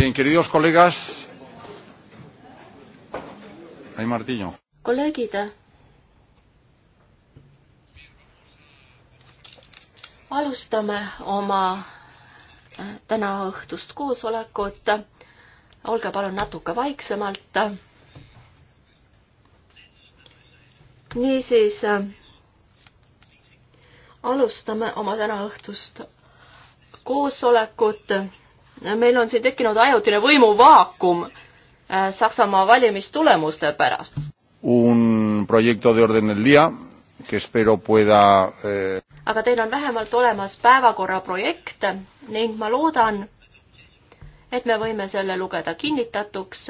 Bien, queridos colegas. Hay martillo. Kolleegid. alustame oma äh, tänaõhtust koosolekut. olge palun natuke vaiksemalt. niisiis äh, alustame oma tänaõhtust koosolekut meil on siin tekkinud ajutine võimuvaakum äh, Saksamaa valimistulemuste pärast. Un proyecto de orden del día que espero pueda eh... aga teil on vähemalt olemas päevakorra projekt ning ma loodan, et me võime selle lugeda kinnitatuks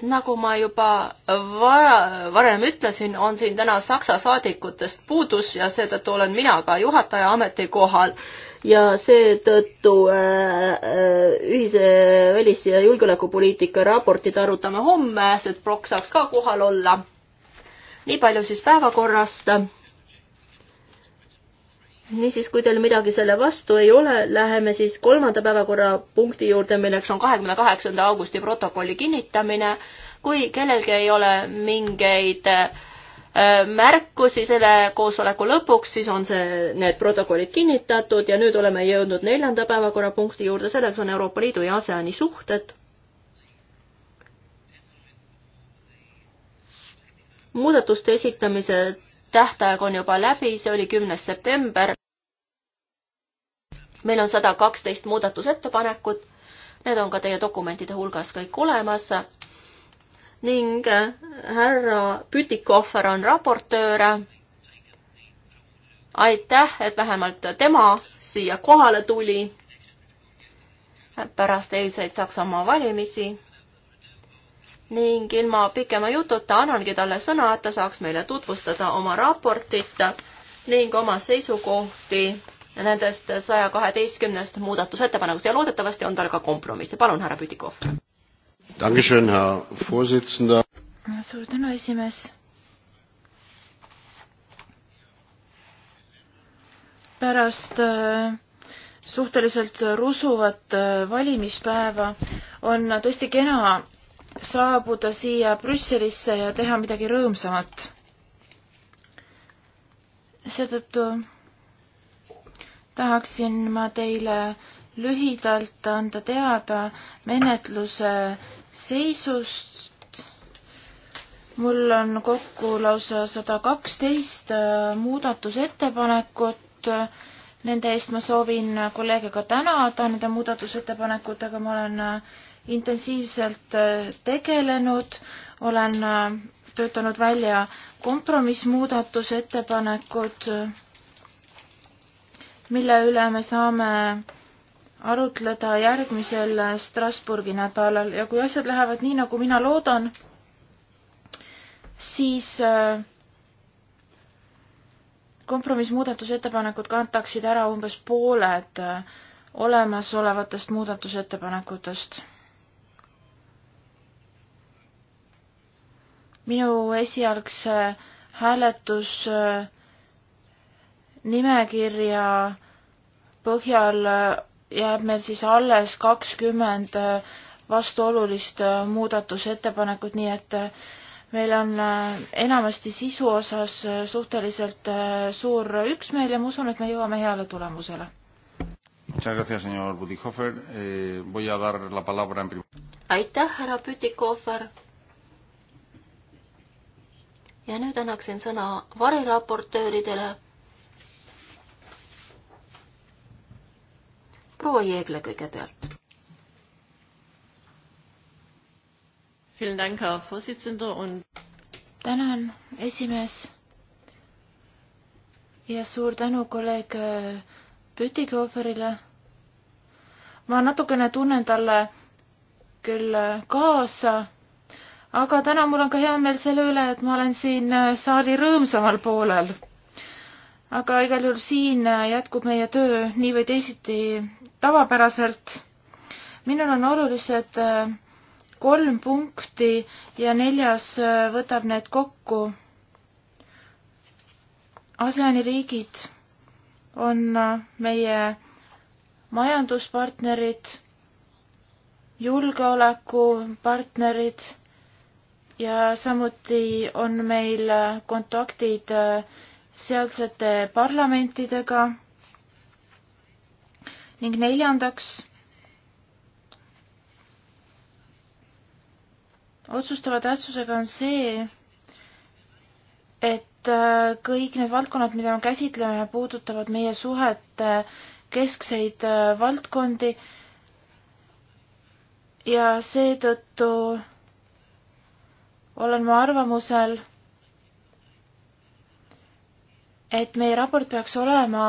nagu ma juba vara, varem ütlesin, on siin täna Saksa saadikutest puudus ja seetõttu olen mina ka juhataja ametikohal ja seetõttu äh, äh, ühise välis- ja julgeolekupoliitika raportit arutame homme, sest Brock saaks ka kohal olla. nii palju siis päevakorrast niisiis, kui teil midagi selle vastu ei ole, läheme siis kolmanda päevakorrapunkti juurde, milleks on kahekümne kaheksanda augusti protokolli kinnitamine. kui kellelgi ei ole mingeid äh, märkusi selle koosoleku lõpuks, siis on see, need protokollid kinnitatud ja nüüd oleme jõudnud neljanda päevakorrapunkti juurde, selleks on Euroopa Liidu ja ASEAN-i suhted. muudatuste esitamise tähtaeg on juba läbi, see oli kümnes september meil on sada kaksteist muudatusettepanekut, need on ka teie dokumentide hulgas kõik olemas ning äh, härra Pütikohver on raportöör. aitäh, et vähemalt tema siia kohale tuli pärast eilseid Saksamaa valimisi. ning ilma pikema jututa annangi talle sõna, et ta saaks meile tutvustada oma raportit ning oma seisukohti nendest saja kaheteistkümnest muudatusettepanekust ja loodetavasti on tal ka kompromisse. palun, härra Pütikov. suur tänu, esimees. pärast äh, suhteliselt rusuvat äh, valimispäeva on tõesti kena saabuda siia Brüsselisse ja teha midagi rõõmsamat. seetõttu tahaksin ma teile lühidalt anda teada menetluse seisust. mul on kokku lausa sada kaksteist äh, muudatusettepanekut. Nende eest ma soovin kolleege ka tänada, nende muudatusettepanekutega ma olen äh, intensiivselt äh, tegelenud, olen töötanud välja kompromissmuudatusettepanekud mille üle me saame arutleda järgmisel Strasburgi nädalal ja kui asjad lähevad nii, nagu mina loodan, siis äh, kompromissmuudatusettepanekud kantaksid ära umbes pooled äh, olemasolevatest muudatusettepanekutest. minu esialgse hääletus äh, nimekirja põhjal jääb meil siis alles kakskümmend äh, vastuolulist äh, muudatusettepanekut, nii et äh, meil on enamasti sisu osas suhteliselt suur üksmeel ja ma usun, et me jõuame heale tulemusele. Eh, aitäh, härra Pütikofer. ja nüüd annaksin sõna variraportööridele proua Jeegla kõigepealt. tänan, esimees. ja suur tänu kolleeg äh, Pütikoferile. ma natukene tunnen talle küll äh, kaasa, aga täna mul on ka hea meel selle üle, et ma olen siin äh, saali rõõmsamal poolel aga igal juhul siin jätkub meie töö nii või teisiti tavapäraselt. minul on olulised äh, kolm punkti ja neljas äh, võtab need kokku. ASEAN-i riigid on äh, meie majanduspartnerid, julgeolekupartnerid ja samuti on meil kontaktid äh, sealsete parlamentidega ning neljandaks otsustava tähtsusega on see, et äh, kõik need valdkonnad, mida me käsitleme, puudutavad meie suhete keskseid äh, valdkondi ja seetõttu olen ma arvamusel, et meie raport peaks olema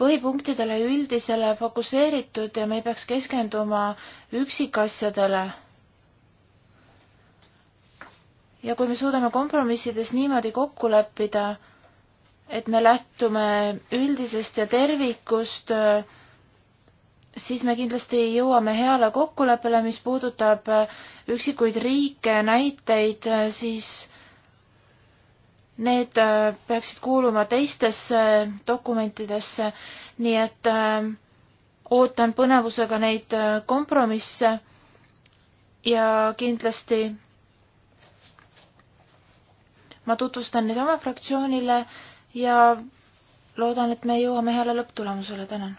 põhipunktidele ja üldisele fokusseeritud ja me ei peaks keskenduma üksikasjadele. ja kui me suudame kompromissides niimoodi kokku leppida, et me lähtume üldisest ja tervikust, siis me kindlasti jõuame heale kokkuleppele, mis puudutab üksikuid riike, näiteid, siis Need äh, peaksid kuuluma teistesse dokumentidesse, nii et äh, ootan põnevusega neid äh, kompromisse ja kindlasti ma tutvustan neid oma fraktsioonile ja loodan, et me jõuame heale lõpptulemusele, tänan.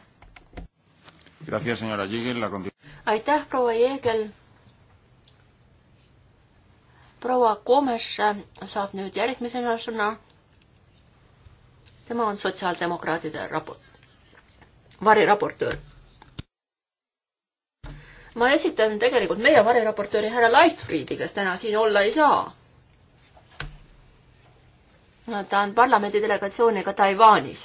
aitäh, proua Jeegel proua Komes saab nüüd järgmisena sõna. tema on sotsiaaldemokraatide raport, variraportöör. ma esitan tegelikult meie variraportööri härra Leichtfriedi, kes täna siin olla ei saa. ta on parlamendi delegatsiooniga Taiwanis.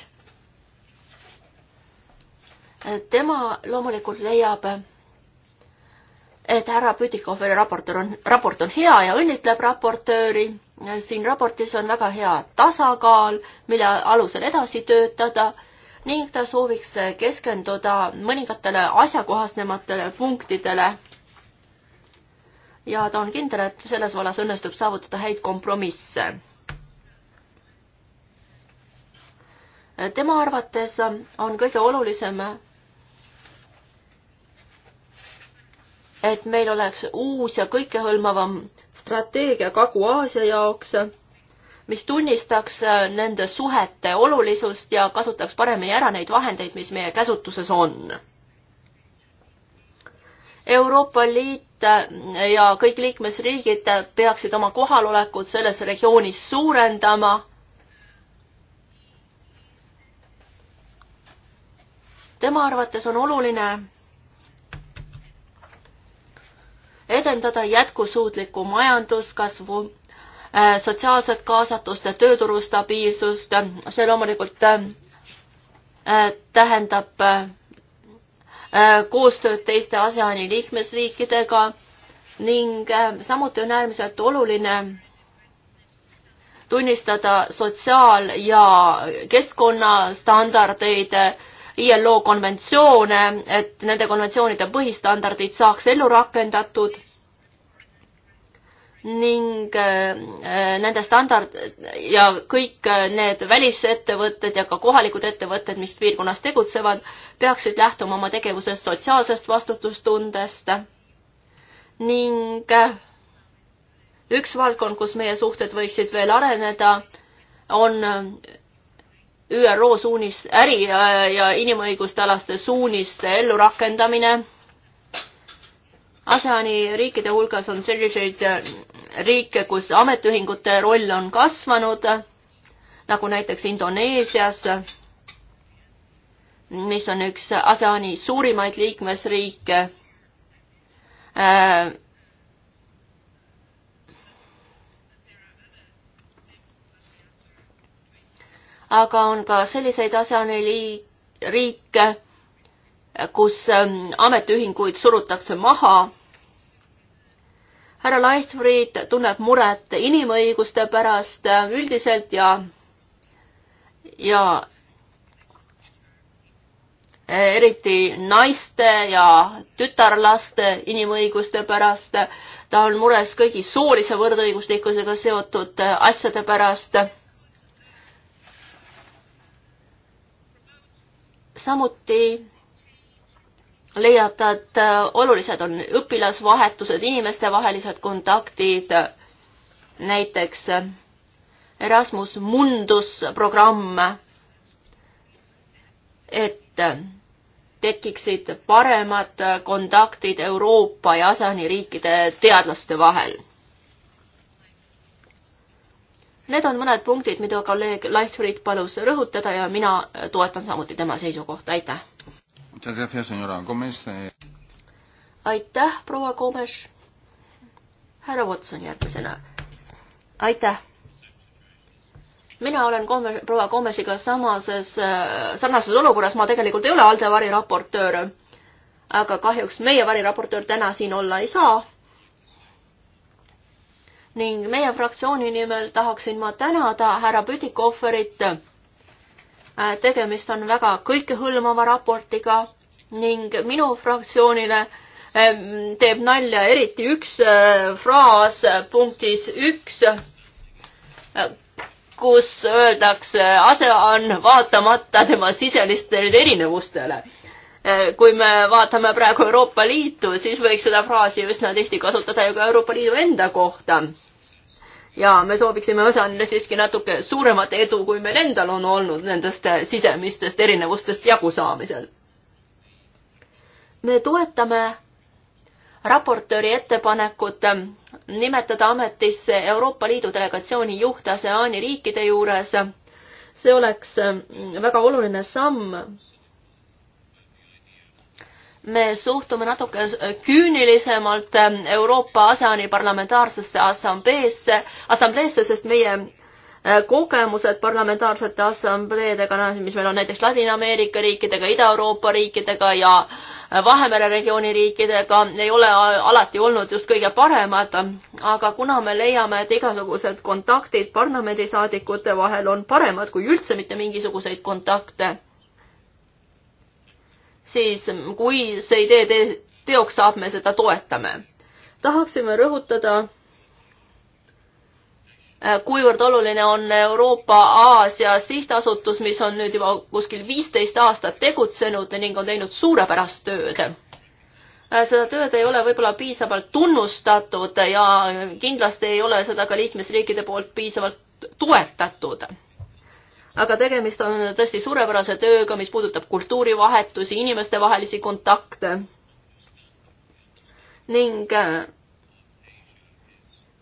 tema loomulikult leiab et härra Pütikoferi raportöör on, raport on hea ja õnnitleb raportööri. siin raportis on väga hea tasakaal, mille alusel edasi töötada ning ta sooviks keskenduda mõningatele asjakohasnematele punktidele. ja ta on kindel, et selles vallas õnnestub saavutada häid kompromisse. tema arvates on kõige olulisem et meil oleks uus ja kõikehõlmavam strateegia Kagu-Aasia jaoks, mis tunnistaks äh, nende suhete olulisust ja kasutaks paremini ära neid vahendeid, mis meie käsutuses on. Euroopa Liit äh, ja kõik liikmesriigid peaksid oma kohalolekut selles regioonis suurendama tema arvates on oluline, edendada jätkusuutlikku majanduskasvu, äh, sotsiaalset kaasatust ja tööturu stabiilsust. see loomulikult äh, äh, tähendab koostööd teiste ASEAN-i liikmesriikidega ning samuti on äärmiselt oluline tunnistada sotsiaal- ja keskkonnastandardeid ILO konventsioone, et nende konventsioonide põhistandardid saaks ellu rakendatud ning äh, nende standard ja kõik äh, need välisettevõtted ja ka kohalikud ettevõtted, mis piirkonnas tegutsevad, peaksid lähtuma oma tegevuses sotsiaalsest vastutustundest ning äh, üks valdkond, kus meie suhted võiksid veel areneda, on ÜRO suunis, äri ja inimõiguste alaste suuniste ellurakendamine. ASEAN-i riikide hulgas on selliseid äh, riike, kus ametiühingute roll on kasvanud, nagu näiteks Indoneesias, mis on üks ASEAN-i suurimaid liikmesriike äh, aga on ka selliseid asjaaneliike, kus ähm, ametiühinguid surutakse maha. härra Leichtfried tunneb muret inimõiguste pärast äh, üldiselt ja, ja äh, eriti naiste ja tütarlaste inimõiguste pärast. ta on mures kõigi soolise võrdõiguslikkusega seotud äh, asjade pärast samuti leiab ta, et äh, olulised on õpilasvahetused, inimestevahelised kontaktid, näiteks äh, Erasmus Mundus programm, et äh, tekiksid paremad kontaktid Euroopa ja ASEAN-i riikide teadlaste vahel Need on mõned punktid, mida kolleeg Leichtfried palus rõhutada ja mina äh, toetan samuti tema seisukohta, aitäh. aitäh, proua Gomes. härra Watson järgmisena. aitäh. mina olen Gomes, proua Gomesiga samases, äh, sarnases olukorras, ma tegelikult ei ole Alde variraportöör, aga kahjuks meie variraportöör täna siin olla ei saa ning meie fraktsiooni nimel tahaksin ma tänada härra Püdikohverit. Äh, tegemist on väga kõikehõlmava raportiga ning minu fraktsioonile ähm, teeb nalja eriti üks äh, fraas punktis üks, äh, kus öeldakse, ase on vaatamata tema sisemistele erinevustele Eh, kui me vaatame praegu Euroopa Liitu, siis võiks seda fraasi üsna tihti kasutada ju ka Euroopa Liidu enda kohta. ja me sooviksime osaleda siiski natuke suuremat edu, kui meil endal on olnud nendest eh, sisemistest erinevustest jagusaamisel. me toetame raportööri ettepanekut eh, nimetada ametisse Euroopa Liidu delegatsiooni juht ASEAN-i riikide juures. see oleks väga oluline samm me suhtume natuke küünilisemalt ähm, Euroopa ASEAN-i parlamentaarsesse assambleesse, assambleesse, sest meie äh, kogemused parlamentaarsete assambleedega, noh, mis meil on näiteks Ladina-Ameerika riikidega, Ida-Euroopa riikidega ja äh, Vahemere regiooni riikidega, ei ole alati olnud just kõige paremad, aga kuna me leiame, et igasugused kontaktid parlamendisaadikute vahel on paremad kui üldse mitte mingisuguseid kontakte siis kui see idee te teoks saab, me seda toetame. tahaksime rõhutada, äh, kuivõrd oluline on Euroopa Aasia sihtasutus, mis on nüüd juba kuskil viisteist aastat tegutsenud ning on teinud suurepärast tööd äh, seda tööd ei ole võib-olla piisavalt tunnustatud ja kindlasti ei ole seda ka liikmesriikide poolt piisavalt toetatud aga tegemist on tõesti suurepärase tööga, mis puudutab kultuurivahetusi, inimestevahelisi kontakte. ning äh,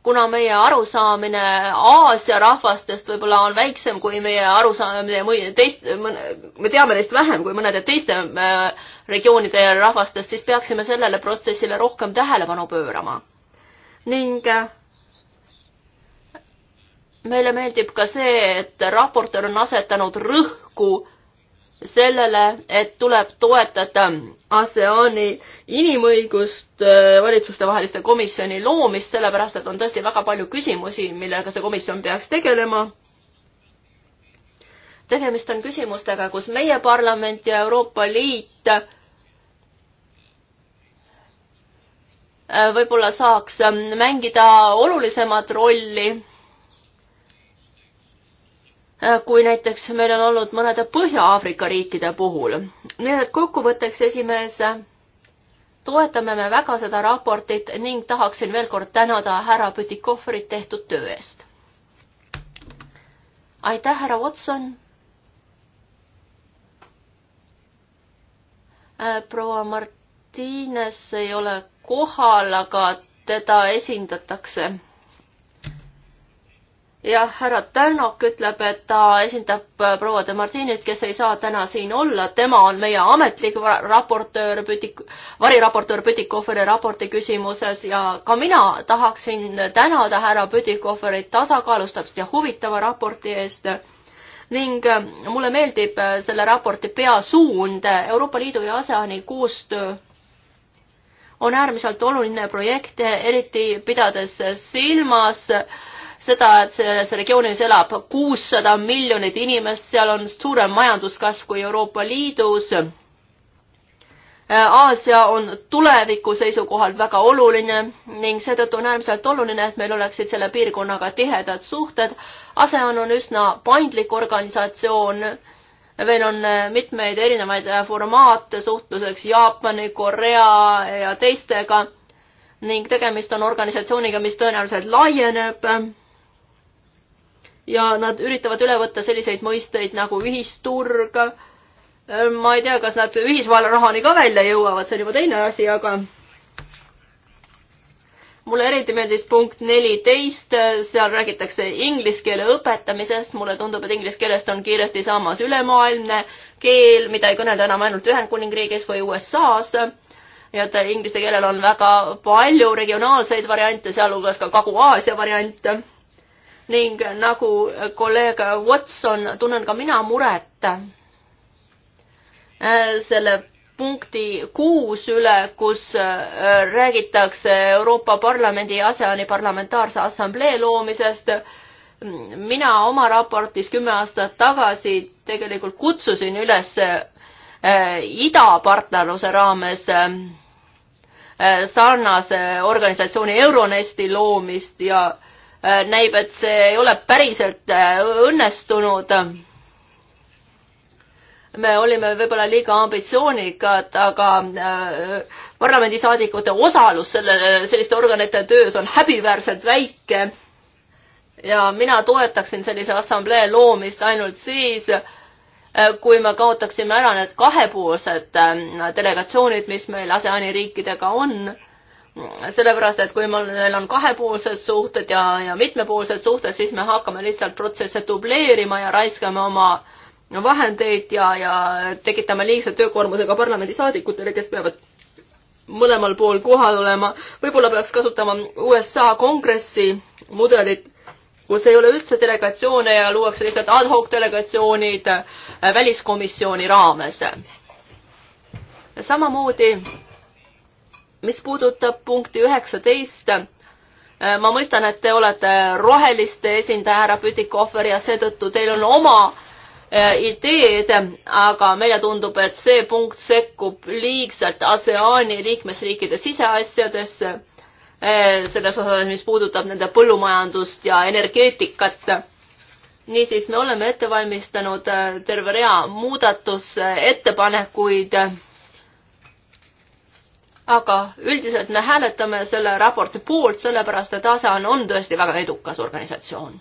kuna meie arusaamine Aasia rahvastest võib-olla on väiksem kui meie arusaamine teist, me teame neist vähem kui mõnede teiste äh, regioonide rahvastest, siis peaksime sellele protsessile rohkem tähelepanu pöörama. ning äh, meile meeldib ka see, et raportöör on asetanud rõhku sellele, et tuleb toetada ASEAN-i inimõigust äh, valitsustevaheliste komisjoni loomist, sellepärast et on tõesti väga palju küsimusi, millega see komisjon peaks tegelema. tegemist on küsimustega, kus meie parlament ja Euroopa Liit äh, võib-olla saaks äh, mängida olulisemat rolli Äh, kui näiteks meil on olnud mõnede Põhja-Aafrika riikide puhul. nii et kokkuvõtteks, esimees, toetame me väga seda raportit ning tahaksin veel kord tänada härra Pütikohvrit tehtud töö eest. aitäh, härra Watson. Äh, proua Martines ei ole kohal, aga teda esindatakse jah, härra Tärnok ütleb, et ta esindab äh, proua de Martinit, kes ei saa täna siin olla, tema on meie ametlik raportöör Pütik, variraportöör Pütikoferi raporti küsimuses ja ka mina tahaksin tänada härra Pütikoferit tasakaalustatud ja huvitava raporti eest ning äh, mulle meeldib äh, selle raporti peasuund Euroopa Liidu ja ASEAN-i koostöö on äärmiselt oluline projekt, eriti pidades silmas äh, seda, et selles regioonis elab kuussada miljonit inimest, seal on suurem majanduskasv kui Euroopa Liidus. Äh, Aasia on tuleviku seisukohalt väga oluline ning seetõttu on äärmiselt oluline, et meil oleksid selle piirkonnaga tihedad suhted. ASEAN on üsna paindlik organisatsioon meil on äh, mitmeid erinevaid äh, formaate suhtluseks Jaapani, Korea ja teistega ning tegemist on organisatsiooniga, mis tõenäoliselt laieneb ja nad üritavad üle võtta selliseid mõisteid nagu ühisturg. ma ei tea, kas nad ühisvalarahani ka välja jõuavad, see on juba teine asi, aga mulle eriti meeldis punkt neliteist, seal räägitakse inglise keele õpetamisest, mulle tundub, et inglise keelest on kiiresti saamas ülemaailmne keel, mida ei kõnelda enam ainult Ühendkuningriigis või USA-s. nii et inglise keelel on väga palju regionaalseid variante, sealhulgas ka Kagu-Aasia variante ning nagu kolleeg Watson, tunnen ka mina muret äh, selle punkti kuus üle, kus äh, räägitakse Euroopa Parlamendi ASEAN-i parlamentaarse assamblee loomisest. mina oma raportis kümme aastat tagasi tegelikult kutsusin üles äh, idapartnerluse raames sarnase organisatsiooni Euronesti loomist ja Äh, näib, et see ei ole päriselt äh, õnnestunud. me olime võib-olla liiga ambitsioonikad, aga äh, parlamendisaadikute osalus selle, selliste organite töös on häbiväärselt väike. ja mina toetaksin sellise assamblee loomist ainult siis, kui me kaotaksime ära need kahepoolsed delegatsioonid, mis meil ASEAN-i riikidega on sellepärast, et kui meil on kahepoolsed suhted ja, ja mitmepoolsed suhted, siis me hakkame lihtsalt protsesse dubleerima ja raiskame oma vahendeid ja, ja tekitame liigse töökoormuse ka parlamendisaadikutele, kes peavad mõlemal pool kohal olema. võib-olla peaks kasutama USA kongressi mudelit, kus ei ole üldse delegatsioone ja luuakse lihtsalt ad hoc delegatsioonid väliskomisjoni raames. samamoodi mis puudutab punkti üheksateist, äh, ma mõistan, et te olete roheliste esindaja, härra Pütikohver, ja seetõttu teil on oma äh, ideed, aga meile tundub, et see punkt sekkub liigselt ASEAN-i liikmesriikide siseasjadesse, äh, selles osas, mis puudutab nende põllumajandust ja energeetikat. niisiis, me oleme ette valmistanud terve rea muudatusettepanekuid aga üldiselt me hääletame selle raporti poolt, sellepärast et ASEAN on, on tõesti väga edukas organisatsioon.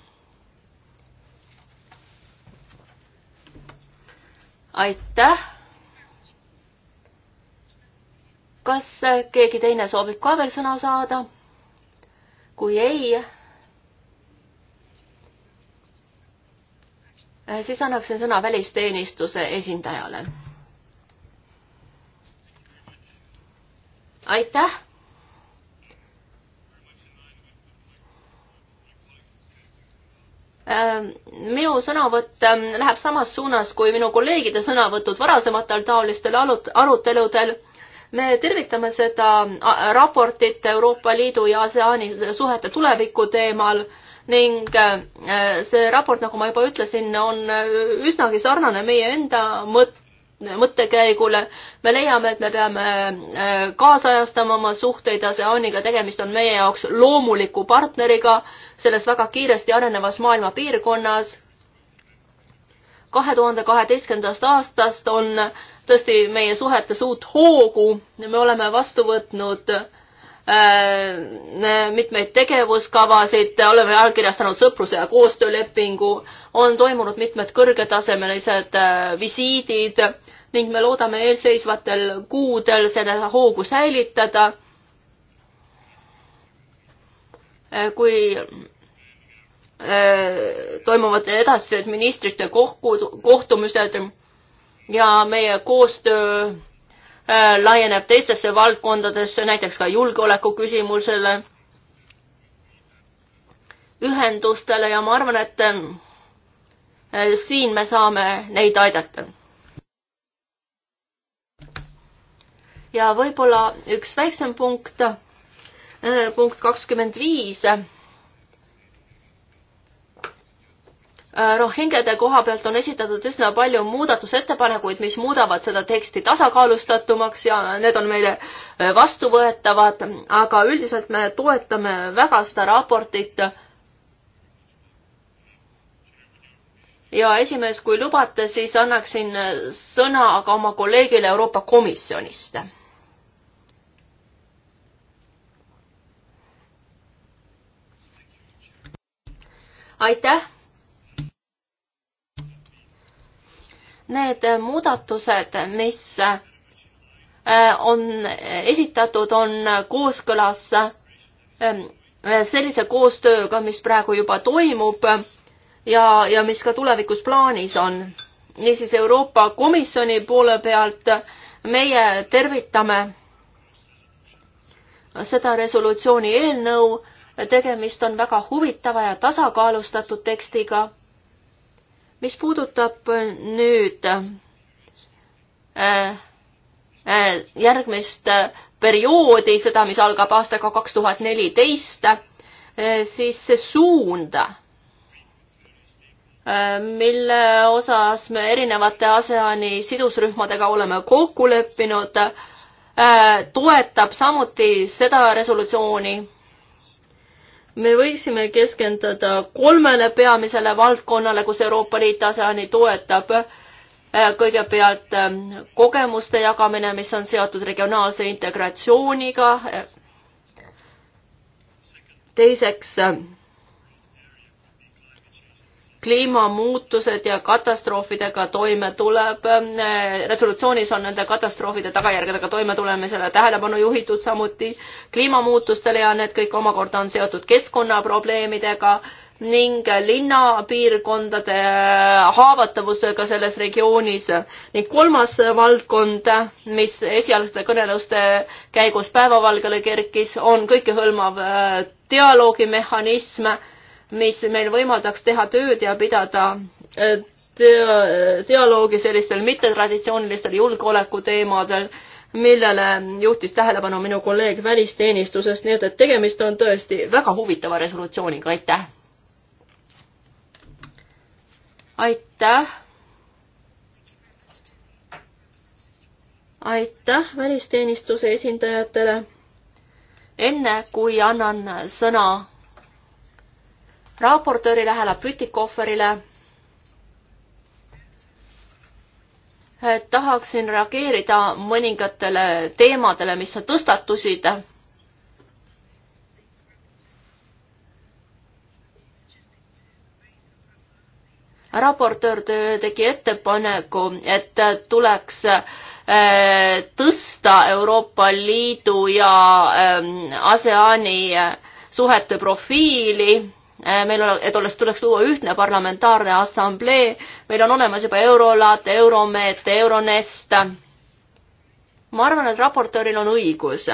aitäh. kas keegi teine soovib ka veel sõna saada? kui ei, siis annaksin sõna välisteenistuse esindajale aitäh. Ähm, minu sõnavõtt ähm, läheb samas suunas kui minu kolleegide sõnavõtud varasematel taolistel aruteludel. me tervitame seda äh, raportit Euroopa Liidu ja ASEANi suhete tuleviku teemal ning äh, äh, see raport, nagu ma juba ütlesin, on üsnagi sarnane meie enda mõttele mõttekäigule. me leiame, et me peame äh, kaasajastama oma suhteid ASEANiga, tegemist on meie jaoks loomuliku partneriga selles väga kiiresti arenevas maailma piirkonnas. kahe tuhande kaheteistkümnendast aastast on tõesti meie suhetes uut hoogu, me oleme vastu võtnud äh, mitmeid tegevuskavasid, oleme allkirjastanud sõpruse ja koostöölepingu, on toimunud mitmed kõrgetasemelised äh, visiidid ning me loodame eelseisvatel kuudel seda hoogu säilitada. Äh, kui äh, toimuvad edasised ministrite kohku, kohtumised ja meie koostöö äh, laieneb teistesse valdkondadesse, näiteks ka julgeoleku küsimusele, ühendustele ja ma arvan, et siin me saame neid aidata ja võib-olla üks väiksem punkt, äh, punkt kakskümmend viis. Äh, rohingede koha pealt on esitatud üsna palju muudatusettepanekuid, mis muudavad seda teksti tasakaalustatumaks ja need on meile äh, vastuvõetavad, aga üldiselt me toetame väga seda raportit ja esimees, kui lubate, siis annaksin sõna ka oma kolleegile Euroopa Komisjonist. aitäh. Need muudatused, mis äh, on esitatud, on kooskõlas ähm, sellise koostööga, mis praegu juba toimub ja, ja mis ka tulevikus plaanis on. niisiis Euroopa Komisjoni poole pealt meie tervitame seda resolutsiooni eelnõu tegemist on väga huvitava ja tasakaalustatud tekstiga. mis puudutab nüüd äh, äh, järgmist perioodi, seda, mis algab aastaga kaks tuhat neliteist, äh, siis see suund, mille osas me erinevate ASEAN-i sidusrühmadega oleme kokku leppinud, toetab samuti seda resolutsiooni me võiksime keskenduda kolmele peamisele valdkonnale, kus Euroopa Liit ASEAN-i toetab. Äh, kõigepealt ähm, kogemuste jagamine, mis on seotud regionaalse integratsiooniga. Äh, teiseks ähm, kliimamuutused ja katastroofidega toime tuleb. resolutsioonis on nende katastroofide tagajärgedega toimetulemisele tähelepanu juhitud, samuti kliimamuutustele ja need kõik omakorda on seotud keskkonnaprobleemidega ning linnapiirkondade haavatavusega selles regioonis. ning kolmas valdkond, mis esialgsete kõneluste käigus päevavalgele kerkis, on kõikehõlmav äh, dialoogimehhanism mis meil võimaldaks teha tööd ja pidada äh, dialoogi sellistel mittetraditsioonilistel julgeolekuteemadel, millele juhtis tähelepanu minu kolleeg välisteenistusest, nii et, et tegemist on tõesti väga huvitava resolutsiooniga, aitäh! aitäh! aitäh välisteenistuse esindajatele! enne kui annan sõna raportöörile härra Pütikohverile tahaksin reageerida mõningatele teemadele, mis sa tõstatusid. raportöör tegi ettepaneku, et tuleks äh, tõsta Euroopa Liidu ja ähm, ASEAN-i äh, suhete profiili Äh, meil oleks, tuleks luua ühtne parlamentaarne assamblee, meil on olemas juba Eurolat, Euromeet, Euronest. ma arvan, et raportööril on õigus,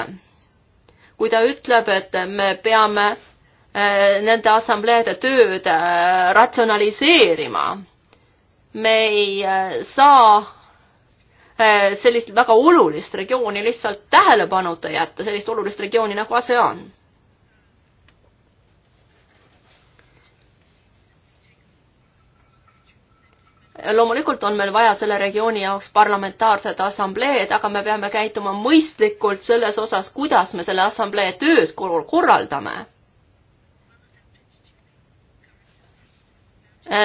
kui ta ütleb, et me peame äh, nende assambleede tööd äh, ratsionaliseerima. me ei saa sellist väga olulist regiooni lihtsalt tähelepanuta jätta, sellist olulist regiooni nagu ASEAN loomulikult on meil vaja selle regiooni jaoks parlamentaarsed assambleed, aga me peame käituma mõistlikult selles osas, kuidas me selle assamblee tööd korraldame.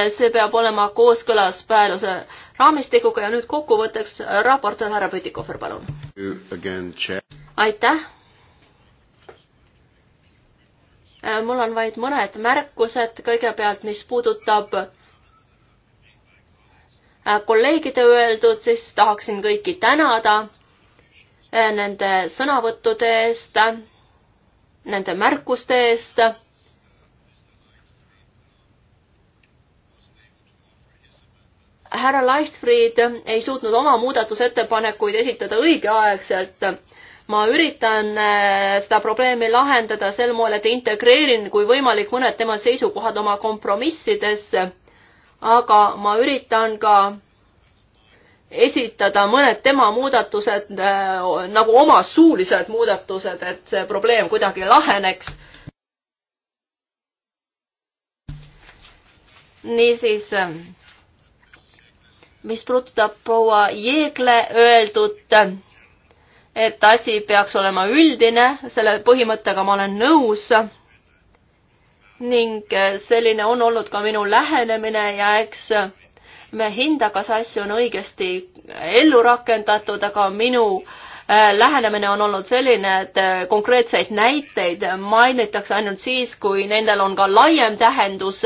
see peab olema kooskõlas päevuse raamistikuga ja nüüd kokkuvõtteks raportöör härra Pütikofer, palun. aitäh. mul on vaid mõned märkused kõigepealt, mis puudutab Äh, kolleegide öeldud, siis tahaksin kõiki tänada äh, nende sõnavõttude eest, nende märkuste eest. härra Leichtfried ei suutnud oma muudatusettepanekuid esitada õigeaegselt ma üritan äh, seda probleemi lahendada sel moel, et integreerin, kui võimalik, mõned tema seisukohad oma kompromissidesse aga ma üritan ka esitada mõned tema muudatused äh, nagu oma suulised muudatused, et see probleem kuidagi laheneks. niisiis, äh, mis puudutab proua Jeegle öeldut, et asi peaks olema üldine, selle põhimõttega ma olen nõus ning äh, selline on olnud ka minu lähenemine ja eks äh, me hinda, kas asju on õigesti äh, ellu rakendatud, aga minu lähenemine on olnud selline, et konkreetseid näiteid mainitakse ainult siis, kui nendel on ka laiem tähendus.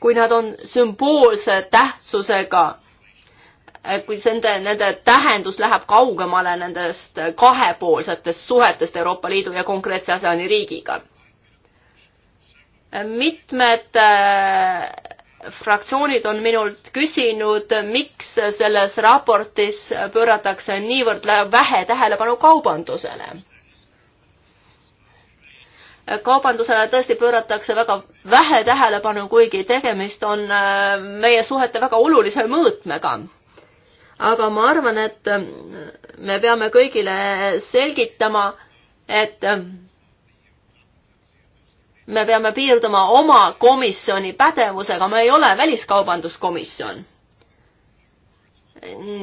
kui nad on sümboolse tähtsusega kui nende, nende tähendus läheb kaugemale nendest kahepoolsetest suhetest Euroopa Liidu ja konkreetse ASEAN-i riigiga. mitmed äh, fraktsioonid on minult küsinud, miks selles raportis pööratakse niivõrd vähe tähelepanu kaubandusele. kaubandusele tõesti pööratakse väga vähe tähelepanu, kuigi tegemist on äh, meie suhete väga olulise mõõtmega aga ma arvan, et me peame kõigile selgitama, et me peame piirduma oma komisjoni pädevusega, me ei ole väliskaubanduskomisjon.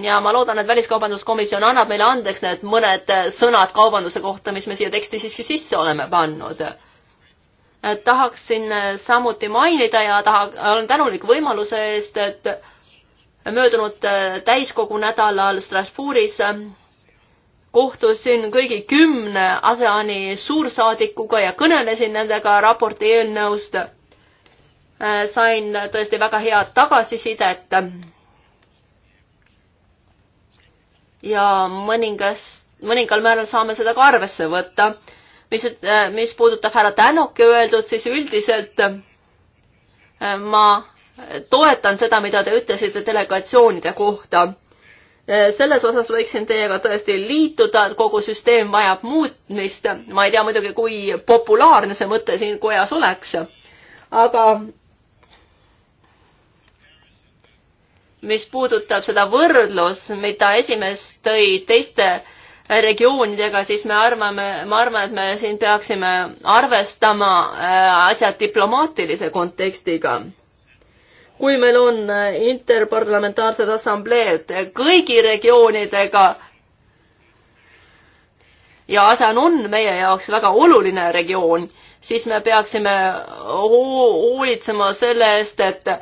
ja ma loodan, et väliskaubanduskomisjon annab meile andeks need mõned sõnad kaubanduse kohta, mis me siia teksti siiski sisse oleme pannud tahaksin samuti mainida ja taha, olen tänulik võimaluse eest, et möödunud äh, täiskogu nädalal Strasbourgis ähm, kohtusin kõigi kümne ASEAN-i suursaadikuga ja kõnelesin nendega raporti eelnõust. Äh, sain tõesti väga head tagasisidet. ja mõningast, mõningal määral saame seda ka arvesse võtta. mis, äh, mis puudutab härra Tänoki öeldut, siis üldiselt ma toetan seda, mida te ütlesite delegatsioonide kohta. selles osas võiksin teiega tõesti liituda, et kogu süsteem vajab muutmist. ma ei tea muidugi, kui populaarne see mõte siin kojas oleks, aga mis puudutab seda võrdlus, mida esimees tõi teiste regioonidega, siis me arvame, ma arvan, et me siin peaksime arvestama äh, asjad diplomaatilise kontekstiga kui meil on äh, interparlamentaarsed assambleed kõigi regioonidega ja ASEAN on meie jaoks väga oluline regioon, siis me peaksime hoolitsema selle eest, et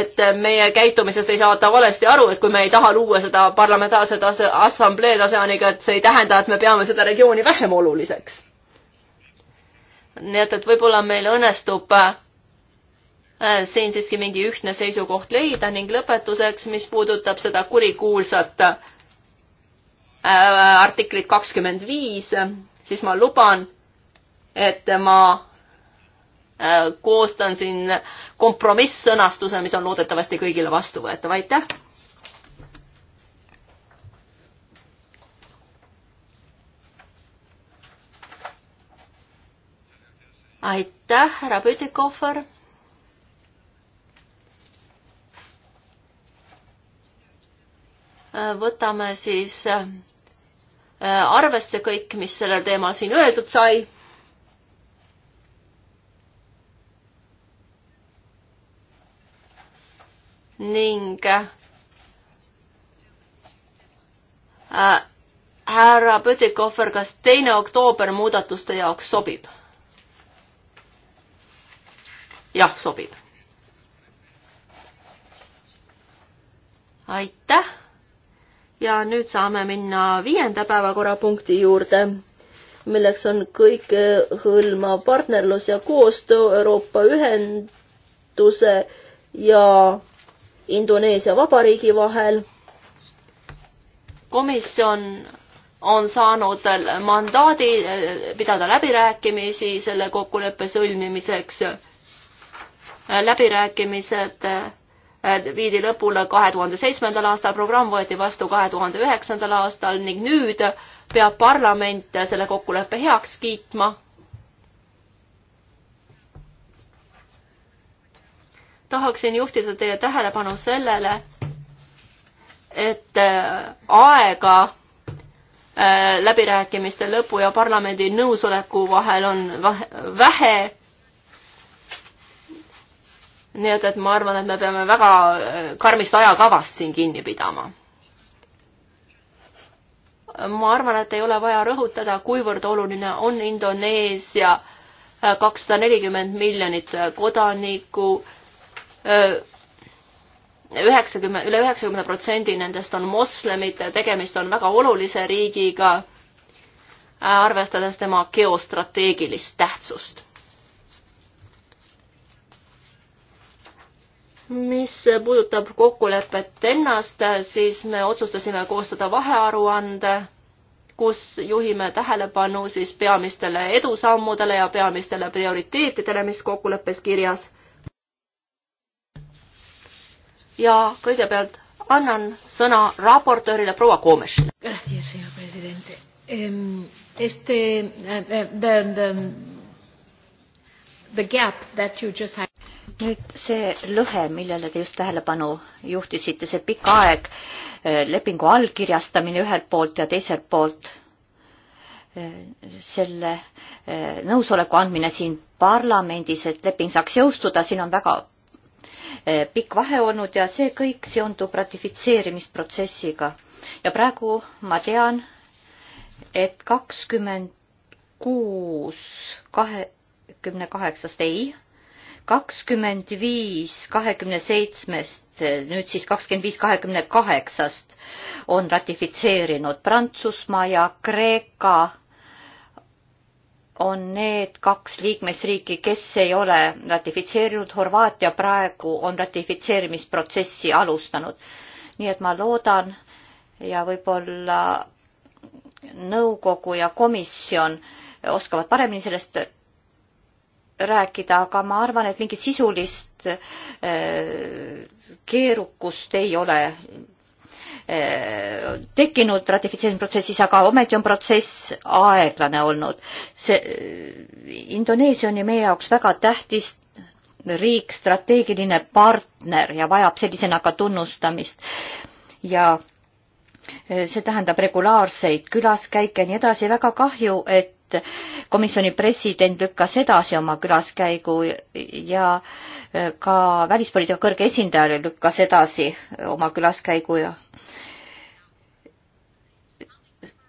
et meie käitumisest ei saada valesti aru, et kui me ei taha luua seda parlamentaarset assambleed ASEANiga, et see ei tähenda, et me peame seda regiooni vähem oluliseks. nii et, et võib-olla meil õnnestub äh, Äh, siin siiski mingi ühtne seisukoht leida ning lõpetuseks, mis puudutab seda kurikuulsat äh, artiklit kakskümmend viis, siis ma luban, et ma äh, koostan siin kompromiss-sõnastuse, mis on loodetavasti kõigile vastuvõetav, aitäh! aitäh, härra Pütikohver! Äh, võtame siis äh, arvesse kõik, mis sellel teemal siin öeldud sai. ning äh, härra Pütikohver, kas teine oktoober muudatuste jaoks sobib? jah, sobib. aitäh ja nüüd saame minna viienda päevakorrapunkti juurde, milleks on kõikehõlmav äh, partnerlus ja koostöö Euroopa Ühenduse ja Indoneesia Vabariigi vahel. komisjon on saanud mandaadi äh, pidada läbirääkimisi selle kokkuleppe sõlmimiseks. Äh, läbirääkimised Äh, viidi lõpule kahe tuhande seitsmendal aastal, programm võeti vastu kahe tuhande üheksandal aastal ning nüüd peab parlament selle kokkuleppe heaks kiitma. tahaksin juhtida teie tähelepanu sellele, et äh, aega äh, läbirääkimiste lõpu ja parlamendi nõusoleku vahel on vähe nii et, et ma arvan, et me peame väga äh, karmist ajakavast siin kinni pidama. ma arvan, et ei ole vaja rõhutada, kuivõrd oluline on Indoneesia äh, kakssada nelikümmend miljonit äh, kodanikku, üheksakümmend, üle üheksakümne protsendi nendest on moslemid, tegemist on väga olulise riigiga, arvestades tema geostrateegilist tähtsust mis puudutab kokkulepet ennast, siis me otsustasime koostada vahearuande, kus juhime tähelepanu siis peamistele edusammudele ja peamistele prioriteetidele, mis kokkuleppes kirjas. ja kõigepealt annan sõna raportöörile proua Koomešile. Este, eh, eh, the, the, the gap that you just had nüüd see lõhe, millele te just tähelepanu juhtisite, see pikk aeg, eh, lepingu allkirjastamine ühelt poolt ja teiselt poolt, eh, selle eh, nõusoleku andmine siin parlamendis, et leping saaks jõustuda, siin on väga pikk vahe olnud ja see kõik seondub ratifitseerimisprotsessiga. ja praegu ma tean, et kakskümmend kuus kahekümne kaheksast ei kakskümmend viis kahekümne seitsmest, nüüd siis kakskümmend viis kahekümne kaheksast on ratifitseerinud Prantsusmaa ja Kreeka on need kaks liikmesriiki, kes ei ole ratifitseerinud, Horvaatia praegu on ratifitseerimisprotsessi alustanud. nii et ma loodan ja võib-olla nõukogu ja komisjon oskavad paremini sellest rääkida, aga ma arvan, et mingit sisulist äh, keerukust ei ole äh, tekkinud ratifitseerimisprotsessis, aga ometi on protsess aeglane olnud. see äh, Indoneesia on ju meie jaoks väga tähtis riik, strateegiline partner ja vajab sellisena ka tunnustamist. ja see tähendab regulaarseid külaskäike ja nii edasi, väga kahju, et komisjoni president lükkas edasi oma külaskäigu ja e, ka välispoliitika kõrge esindaja lükkas edasi oma külaskäigu ja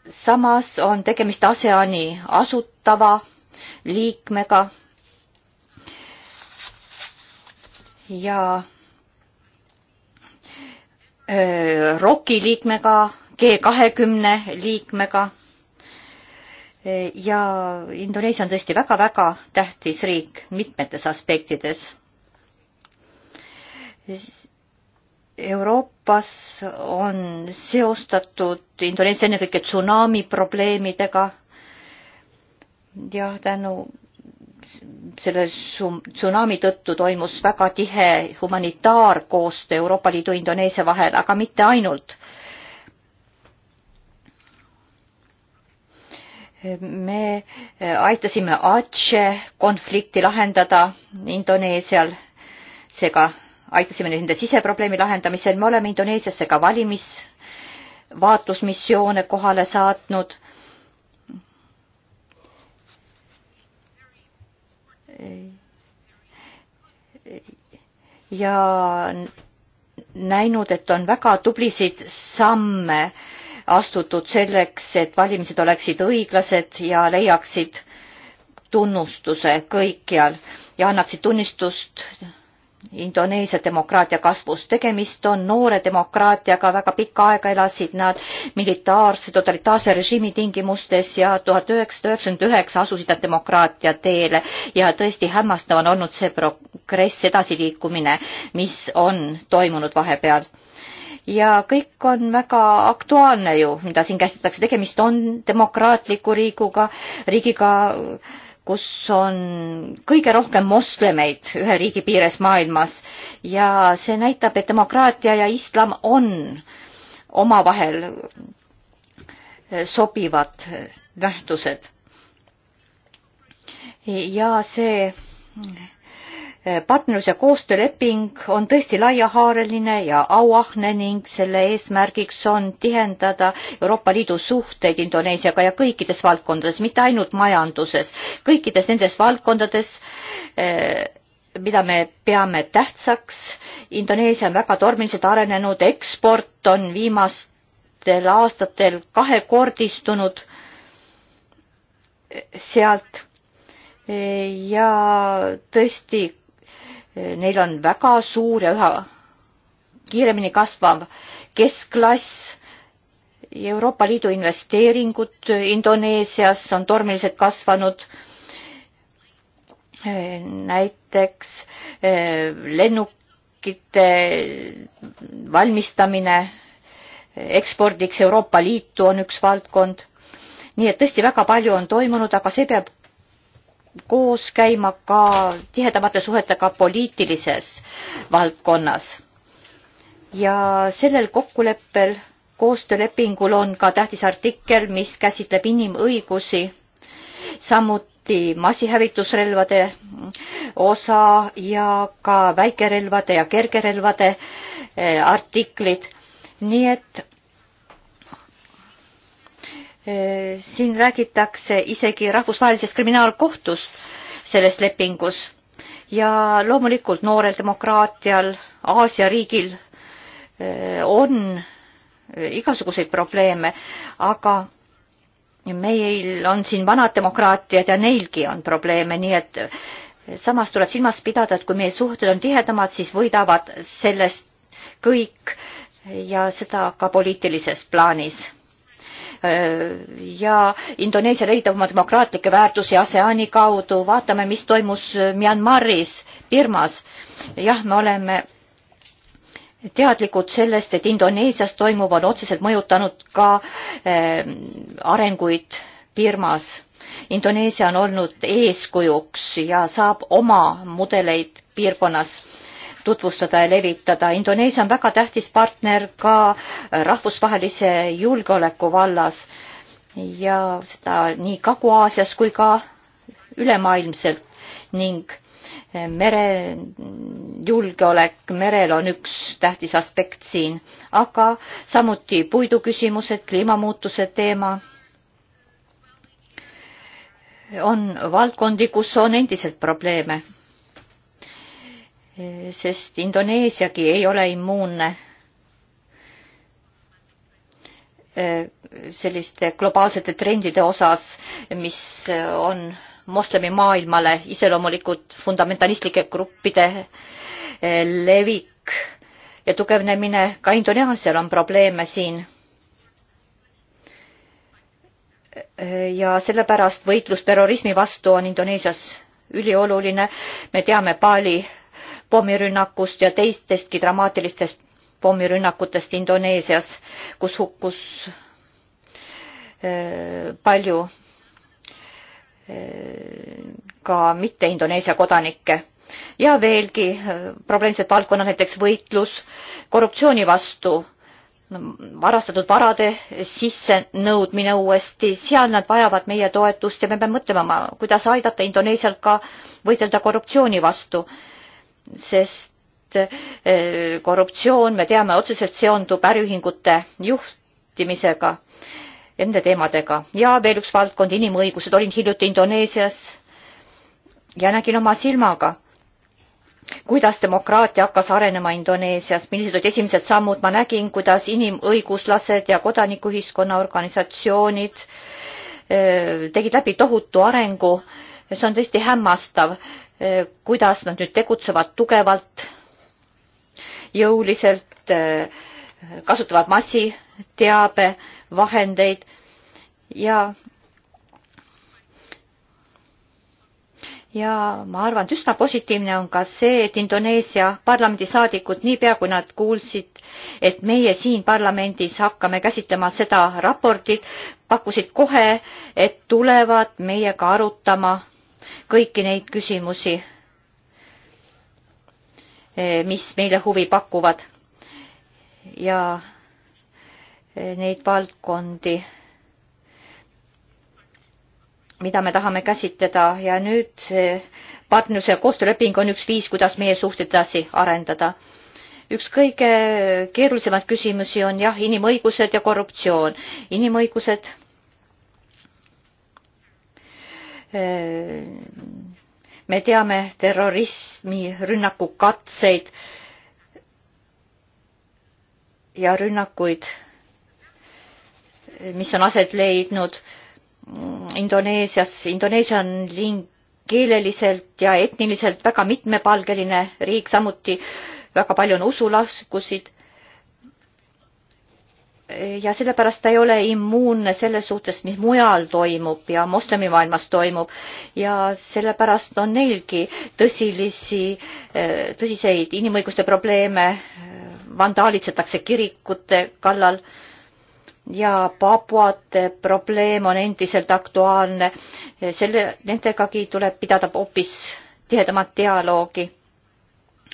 samas on tegemist ASEAN-i asutava liikmega ja e, ROK-i liikmega, G kahekümne liikmega ja Indoneesia on tõesti väga-väga tähtis riik mitmetes aspektides. Euroopas on seostatud Indoneesia ennekõike tsunami probleemidega ja tänu selle tsunami tõttu toimus väga tihe humanitaarkoostöö Euroopa Liidu ja Indoneesia vahel, aga mitte ainult me eh, aitasime Aceh konflikti lahendada Indoneesial, seega aitasime neid nende siseprobleemi lahendamisel, me oleme Indoneesiasse ka valimisvaatlusmissioone kohale saatnud. ja näinud, et on väga tublisid samme astutud selleks, et valimised oleksid õiglased ja leiaksid tunnustuse kõikjal ja annaksid tunnistust Indoneesia demokraatia kasvust. tegemist on noore demokraatiaga, väga pikka aega elasid nad militaarse totalitaarse režiimi tingimustes ja tuhat üheksasada üheksakümmend üheksa asusid nad demokraatia teele ja tõesti hämmastav on olnud see progress, edasiliikumine, mis on toimunud vahepeal ja kõik on väga aktuaalne ju, mida siin käsitletakse, tegemist on demokraatliku riiguga, riigiga, kus on kõige rohkem moslemeid ühe riigi piires maailmas ja see näitab, et demokraatia ja islam on omavahel sobivad nähtused. ja see Eh, partnerlus- ja koostööleping on tõesti laiahaareline ja auahne ning selle eesmärgiks on tihendada Euroopa Liidu suhteid Indoneesiaga ja kõikides valdkondades, mitte ainult majanduses, kõikides nendes valdkondades, eh, mida me peame tähtsaks. Indoneesia on väga tormiliselt arenenud, eksport on viimastel aastatel kahekordistunud eh, sealt ja tõesti neil on väga suur ja üha kiiremini kasvav keskklass. Euroopa Liidu investeeringud Indoneesias on tormiliselt kasvanud. näiteks eh, lennukite valmistamine ekspordiks Euroopa Liitu on üks valdkond nii et tõesti väga palju on toimunud, aga see peab koos käima ka tihedamate suhetega poliitilises valdkonnas. ja sellel kokkuleppel, koostöölepingul on ka tähtis artikkel, mis käsitleb inimõigusi, samuti massihävitusrelvade osa ja ka väikerelvade ja kergerelvade eh, artiklid, nii et Eh, siin räägitakse isegi rahvusvahelisest kriminaalkohtust selles lepingus ja loomulikult noorel demokraatial Aasia riigil eh, on eh, igasuguseid probleeme, aga meil on siin vanad demokraatiad ja neilgi on probleeme, nii et samas tuleb silmas pidada, et kui meie suhted on tihedamad, siis võidavad sellest kõik ja seda ka poliitilises plaanis ja Indoneesia leidab oma demokraatlikke väärtusi ASEAN-i kaudu, vaatame, mis toimus Myanmaris, Birmas. jah, me oleme teadlikud sellest, et Indoneesias toimuv on otseselt mõjutanud ka äh, arenguid Birmas. Indoneesia on olnud eeskujuks ja saab oma mudeleid piirkonnas tutvustada ja levitada. Indoneesia on väga tähtis partner ka rahvusvahelise julgeoleku vallas ja seda nii Kagu-Aasias kui ka ülemaailmselt ning merejulgeolek merel on üks tähtis aspekt siin, aga samuti puiduküsimused, kliimamuutuse teema on valdkondi, kus on endiselt probleeme sest Indoneesiagi ei ole immuunne selliste globaalsete trendide osas, mis on moslemimaailmale iseloomulikud fundamentalistlike gruppide eh, levik ja tugevnemine, ka Indoneesial on probleeme siin. ja sellepärast võitlus terrorismi vastu on Indoneesias ülioluline. me teame Bali pommirünnakust ja teistestki dramaatilistest pommirünnakutest Indoneesias, kus hukkus äh, palju äh, ka mitte Indoneesia kodanikke ja veelgi äh, probleemsed valdkonnad, näiteks võitlus korruptsiooni vastu, varastatud varade sissenõudmine uuesti, seal nad vajavad meie toetust ja me peame mõtlema, kuidas aidata Indoneesial ka võidelda korruptsiooni vastu sest eh, korruptsioon, me teame, otseselt seondub äriühingute juhtimisega, nende teemadega ja veel üks valdkond, inimõigused, olin hiljuti Indoneesias ja nägin oma silmaga, kuidas demokraatia hakkas arenema Indoneesias, millised olid esimesed sammud, ma nägin, kuidas inimõiguslased ja kodanikuühiskonna organisatsioonid eh, tegid läbi tohutu arengu see on tõesti hämmastav Eh, kuidas nad nüüd tegutsevad tugevalt, jõuliselt, eh, kasutavad massiteabevahendeid ja ja ma arvan, et üsna positiivne on ka see, et Indoneesia parlamendisaadikud niipea, kui nad kuulsid, et meie siin parlamendis hakkame käsitlema seda raportit, pakkusid kohe, et tulevad meiega arutama kõiki neid küsimusi, eh, mis meile huvi pakuvad ja eh, neid valdkondi, mida me tahame käsitleda ja nüüd see partnerluse koostööleping on üks viis, kuidas meie suhteid edasi arendada üks kõige keerulisemaid küsimusi on jah, inimõigused ja korruptsioon. inimõigused Äh, me teame terrorismi rünnakukatseid ja rünnakuid, mis on aset leidnud Indoneesias. Indoneesia on ling-, keeleliselt ja etniliselt väga mitmepalgeline riik, samuti väga palju on usulaskusid ja sellepärast ta ei ole immuunne selles suhtes, mis mujal toimub ja moslemimaailmas toimub ja sellepärast on neilgi tõsilisi, eh, tõsiseid inimõiguste probleeme, vandaalitsetakse kirikute kallal ja papuate probleem on endiselt aktuaalne, selle, nendegagi tuleb pidada hoopis tihedamat dialoogi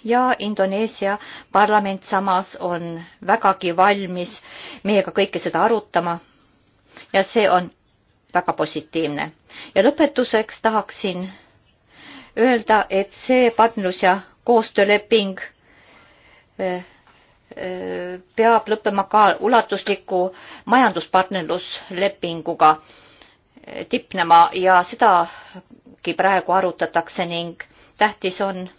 ja Indoneesia parlament samas on vägagi valmis meiega kõike seda arutama ja see on väga positiivne. ja lõpetuseks tahaksin öelda, et see partnerlus ja koostööleping eh, eh, peab lõppema ka ulatusliku majanduspartnerluslepinguga eh, tipnema ja sedagi praegu arutatakse ning tähtis on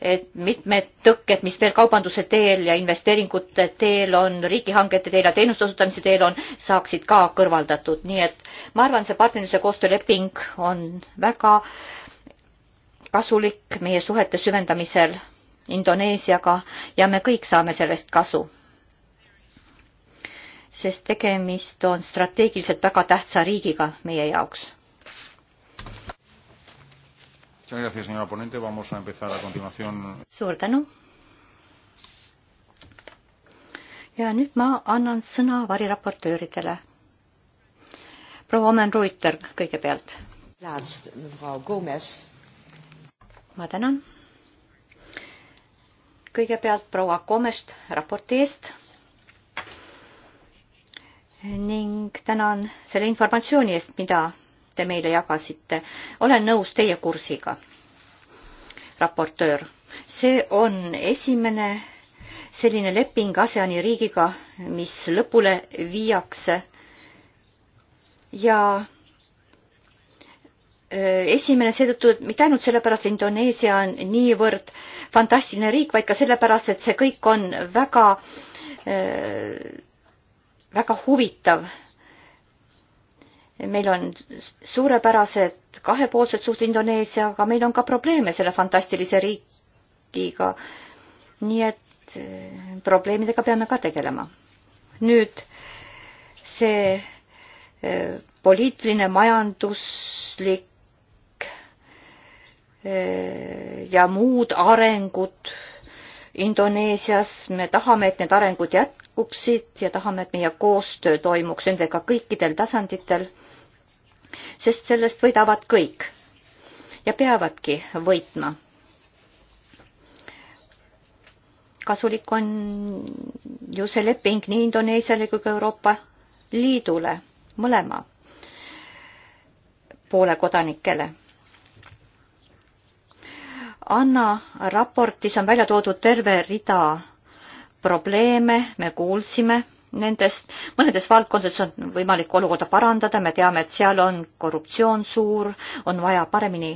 et mitmed tõkked, mis veel kaubanduse teel ja investeeringute teel on, riigihangete teel ja teenuste osutamise teel on, saaksid ka kõrvaldatud, nii et ma arvan, see partnerluse koostööleping on väga kasulik meie suhete süvendamisel Indoneesiaga ja me kõik saame sellest kasu. sest tegemist on strateegiliselt väga tähtsa riigiga meie jaoks suur tänu. ja nüüd ma annan sõna variraportööridele. proua Omen Ruiter kõigepealt. ma tänan. kõigepealt proua Komest raporti eest ning tänan selle informatsiooni eest, mida te meile jagasite. olen nõus teie kursiga, raportöör. see on esimene selline leping ASEAN-i riigiga, mis lõpule viiakse ja esimene seetõttu, et mitte ainult sellepärast, et Indoneesia on niivõrd fantastiline riik, vaid ka sellepärast, et see kõik on väga, väga huvitav meil on suurepärased kahepoolsed suhted Indoneesiaga, meil on ka probleeme selle fantastilise riigiga. nii et eh, probleemidega peame ka tegelema. nüüd see eh, poliitiline, majanduslik eh, ja muud arengud Indoneesias, me tahame, et need arengud jätkuksid ja tahame, et meie koostöö toimuks nendega kõikidel tasanditel sest sellest võidavad kõik ja peavadki võitma. kasulik on ju see leping nii Indoneesiale kui ka Euroopa Liidule, mõlema poole kodanikele. Anna raportis on välja toodud terve rida probleeme, me kuulsime nendest, mõnedes valdkondades on võimalik olukorda parandada, me teame, et seal on korruptsioon suur, on vaja paremini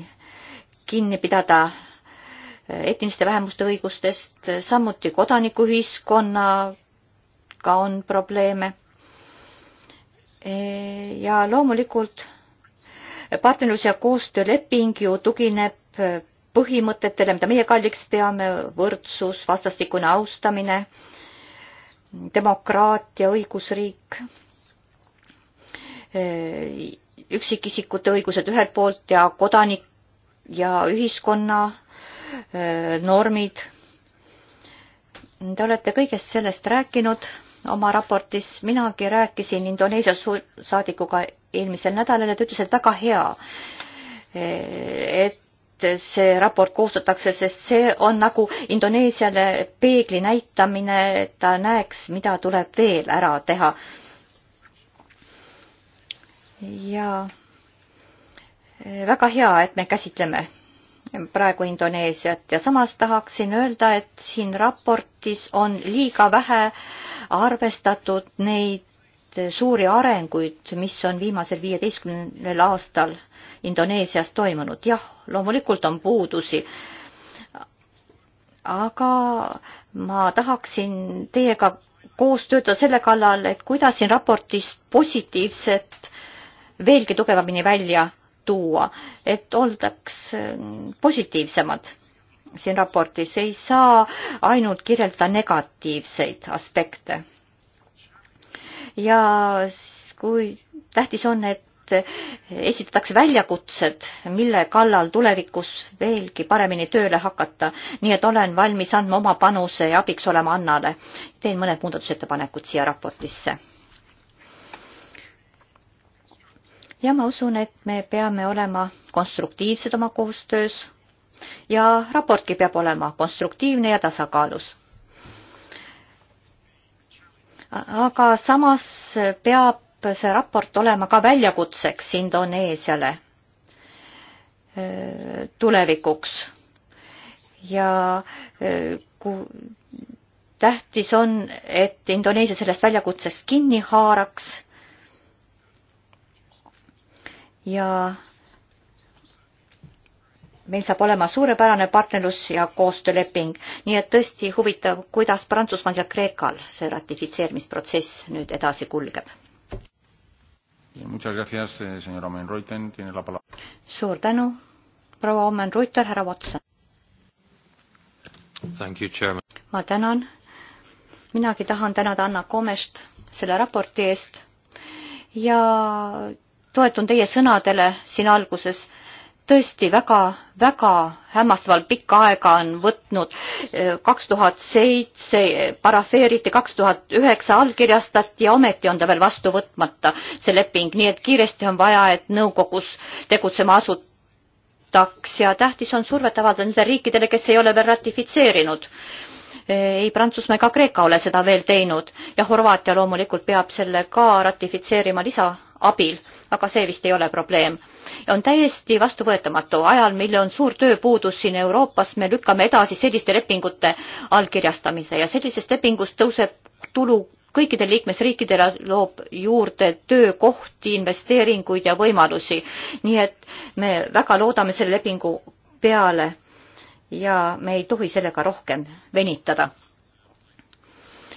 kinni pidada eh, etniliste vähemuste õigustest, samuti kodanikuühiskonnaga on probleeme. Eh, ja loomulikult eh, partnerlus- ja koostööleping ju tugineb põhimõtetele, mida meie kalliks peame, võrdsus, vastastikune austamine demokraatia, õigusriik, üksikisikute õigused ühelt poolt ja kodanik ja ühiskonna eh, normid. Te olete kõigest sellest rääkinud oma raportis, minagi rääkisin Indoneesia saadikuga eelmisel nädalal ja ta ütles, et väga hea, eh, et see raport koostatakse, sest see on nagu Indoneesiale peegli näitamine, et ta näeks, mida tuleb veel ära teha. ja eh, väga hea, et me käsitleme praegu Indoneesiat ja samas tahaksin öelda, et siin raportis on liiga vähe arvestatud neid suuri arenguid, mis on viimasel viieteistkümnel aastal Indoneesias toimunud. jah, loomulikult on puudusi, aga ma tahaksin teiega koos töötada selle kallal, et kuidas siin raportis positiivset veelgi tugevamini välja tuua, et oldaks positiivsemad siin raportis, ei saa ainult kirjeldada negatiivseid aspekte ja kui tähtis on, et esitatakse väljakutsed, mille kallal tulevikus veelgi paremini tööle hakata. nii et olen valmis andma oma panuse ja abiks olema Annale. teen mõned muudatusettepanekud siia raportisse. ja ma usun, et me peame olema konstruktiivsed oma koostöös ja raportki peab olema konstruktiivne ja tasakaalus aga samas peab see raport olema ka väljakutseks Indoneesiale äh, tulevikuks ja äh, kui tähtis on, et Indoneesia sellest väljakutsest kinni haaraks ja meil saab olema suurepärane partnerlus ja koostööleping, nii et tõesti huvitav, kuidas Prantsusmaal ja Kreekal see ratifitseerimisprotsess nüüd edasi kulgeb. Eh, suur tänu, proua Omen Reuter, härra Watson. ma tänan. minagi tahan tänada Anna Komest selle raporti eest ja toetun teie sõnadele siin alguses tõesti väga-väga hämmastavalt pikka aega on võtnud. kaks tuhat seitse parafeeriti, kaks tuhat üheksa allkirjastati ja ometi on ta veel vastu võtmata, see leping, nii et kiiresti on vaja, et nõukogus tegutsema asutaks ja tähtis on survet avaldada nendele riikidele, kes ei ole veel ratifitseerinud ei Prantsusmaa ega Kreeka ole seda veel teinud ja Horvaatia loomulikult peab selle ka ratifitseerima lisa abil, aga see vist ei ole probleem. on täiesti vastuvõetamatu ajal, mil on suur tööpuudus siin Euroopas, me lükkame edasi selliste lepingute allkirjastamise ja sellisest lepingust tõuseb tulu kõikidel liikmesriikidel loob juurde töökohti, investeeringuid ja võimalusi. nii et me väga loodame selle lepingu peale ja me ei tohi sellega rohkem venitada.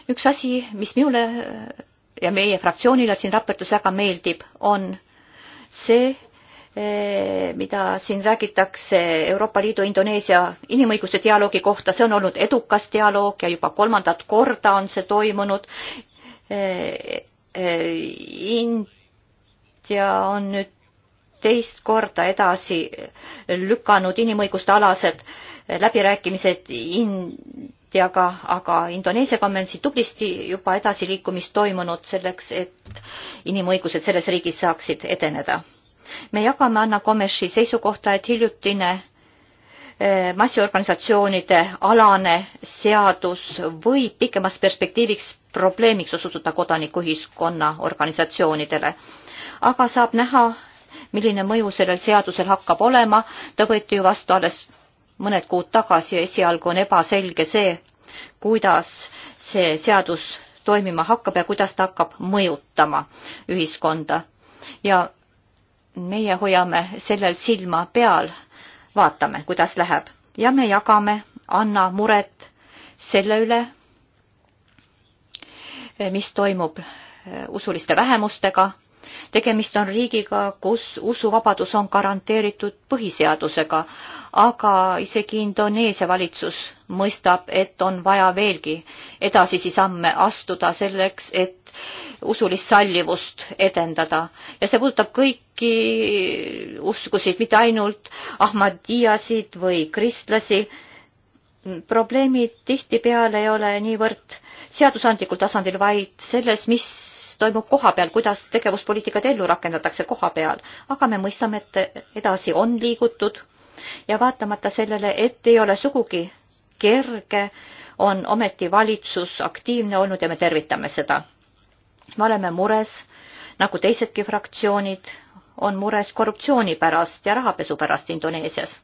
üks asi, mis minule ja meie fraktsioonile siin raportis väga meeldib, on see, eh, mida siin räägitakse Euroopa Liidu Indoneesia inimõiguste dialoogi kohta, see on olnud edukas dialoog ja juba kolmandat korda on see toimunud. Eh, eh, India on nüüd teist korda edasi lükanud inimõiguste alased läbirääkimised Ind Tahiga, aga Indoneesiaga on meil siin tublisti juba edasiliikumist toimunud selleks, et inimõigused selles riigis saaksid edeneda. me jagame Anna Komeši seisukohta, et hiljutine eh, massiorganisatsioonide alane seadus võib pikemas perspektiiviks probleemiks osutuda kodanikuühiskonna organisatsioonidele. aga saab näha, milline mõju sellel seadusel hakkab olema, ta võeti ju vastu alles mõned kuud tagasi ja esialgu on ebaselge see, kuidas see seadus toimima hakkab ja kuidas ta hakkab mõjutama ühiskonda. ja meie hoiame sellel silma peal, vaatame, kuidas läheb ja me jagame Anna muret selle üle, mis toimub eh, usuliste vähemustega tegemist on riigiga, kus usuvabadus on garanteeritud põhiseadusega, aga isegi Indoneesia valitsus mõistab, et on vaja veelgi edasisi samme astuda selleks, et usulist sallivust edendada ja see puudutab kõiki uskusid, mitte ainult ahmadiasid või kristlasi. probleemid tihtipeale ei ole niivõrd seadusandlikul tasandil, vaid selles, mis toimub koha peal, kuidas tegevuspoliitikat ellu rakendatakse koha peal. aga me mõistame, et edasi on liigutud ja vaatamata sellele, et ei ole sugugi kerge, on ometi valitsus aktiivne olnud ja me tervitame seda. me oleme mures, nagu teisedki fraktsioonid, on mures korruptsiooni pärast ja rahapesu pärast Indoneesias.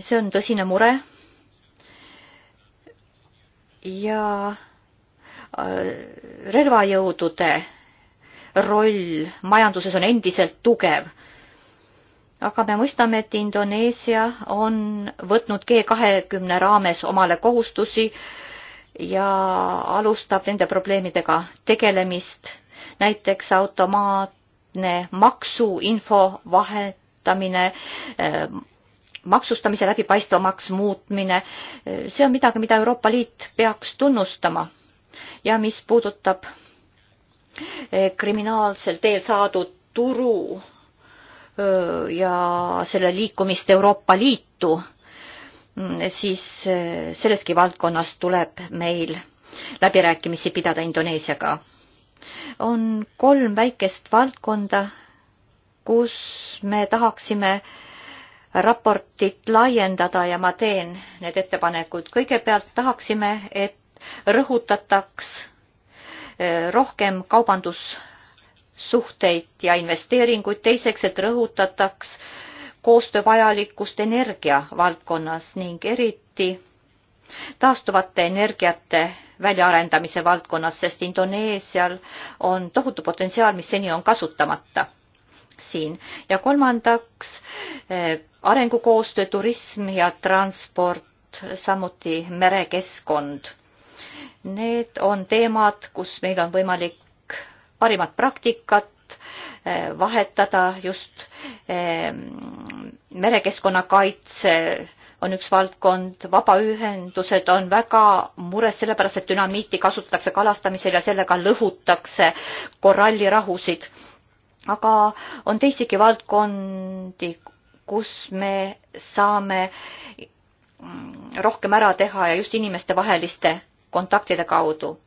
see on tõsine mure ja äh, relvajõudude roll majanduses on endiselt tugev. aga me mõistame, et Indoneesia on võtnud G kahekümne raames omale kohustusi ja alustab nende probleemidega tegelemist, näiteks automaatne maksuinfo vahetamine äh, maksustamise läbipaistvamaks muutmine, see on midagi, mida Euroopa Liit peaks tunnustama. ja mis puudutab eh, kriminaalsel teel saadud turu eh, ja selle liikumist Euroopa Liitu, mm, siis eh, selleski valdkonnas tuleb meil läbirääkimisi pidada Indoneesiaga. on kolm väikest valdkonda, kus me tahaksime äh, raportit laiendada ja ma teen need ettepanekud. kõigepealt tahaksime, et rõhutataks eh, rohkem kaubandussuhteid ja investeeringuid, teiseks, et rõhutataks koostöö vajalikkust energia valdkonnas ning eriti taastuvate energiate väljaarendamise valdkonnas, sest Indoneesial on tohutu potentsiaal, mis seni on kasutamata siin ja kolmandaks eh, arengukoostöö, turism ja transport, samuti merekeskkond. Need on teemad, kus meil on võimalik parimat praktikat eh, vahetada just eh, merekeskkonna kaitsel on üks valdkond, vabaühendused on väga mures sellepärast, et dünamiiti kasutatakse kalastamisel ja sellega lõhutakse korallirahusid aga on teisigi valdkondi, kus me saame mm, rohkem ära teha ja just inimestevaheliste kontaktide kaudu.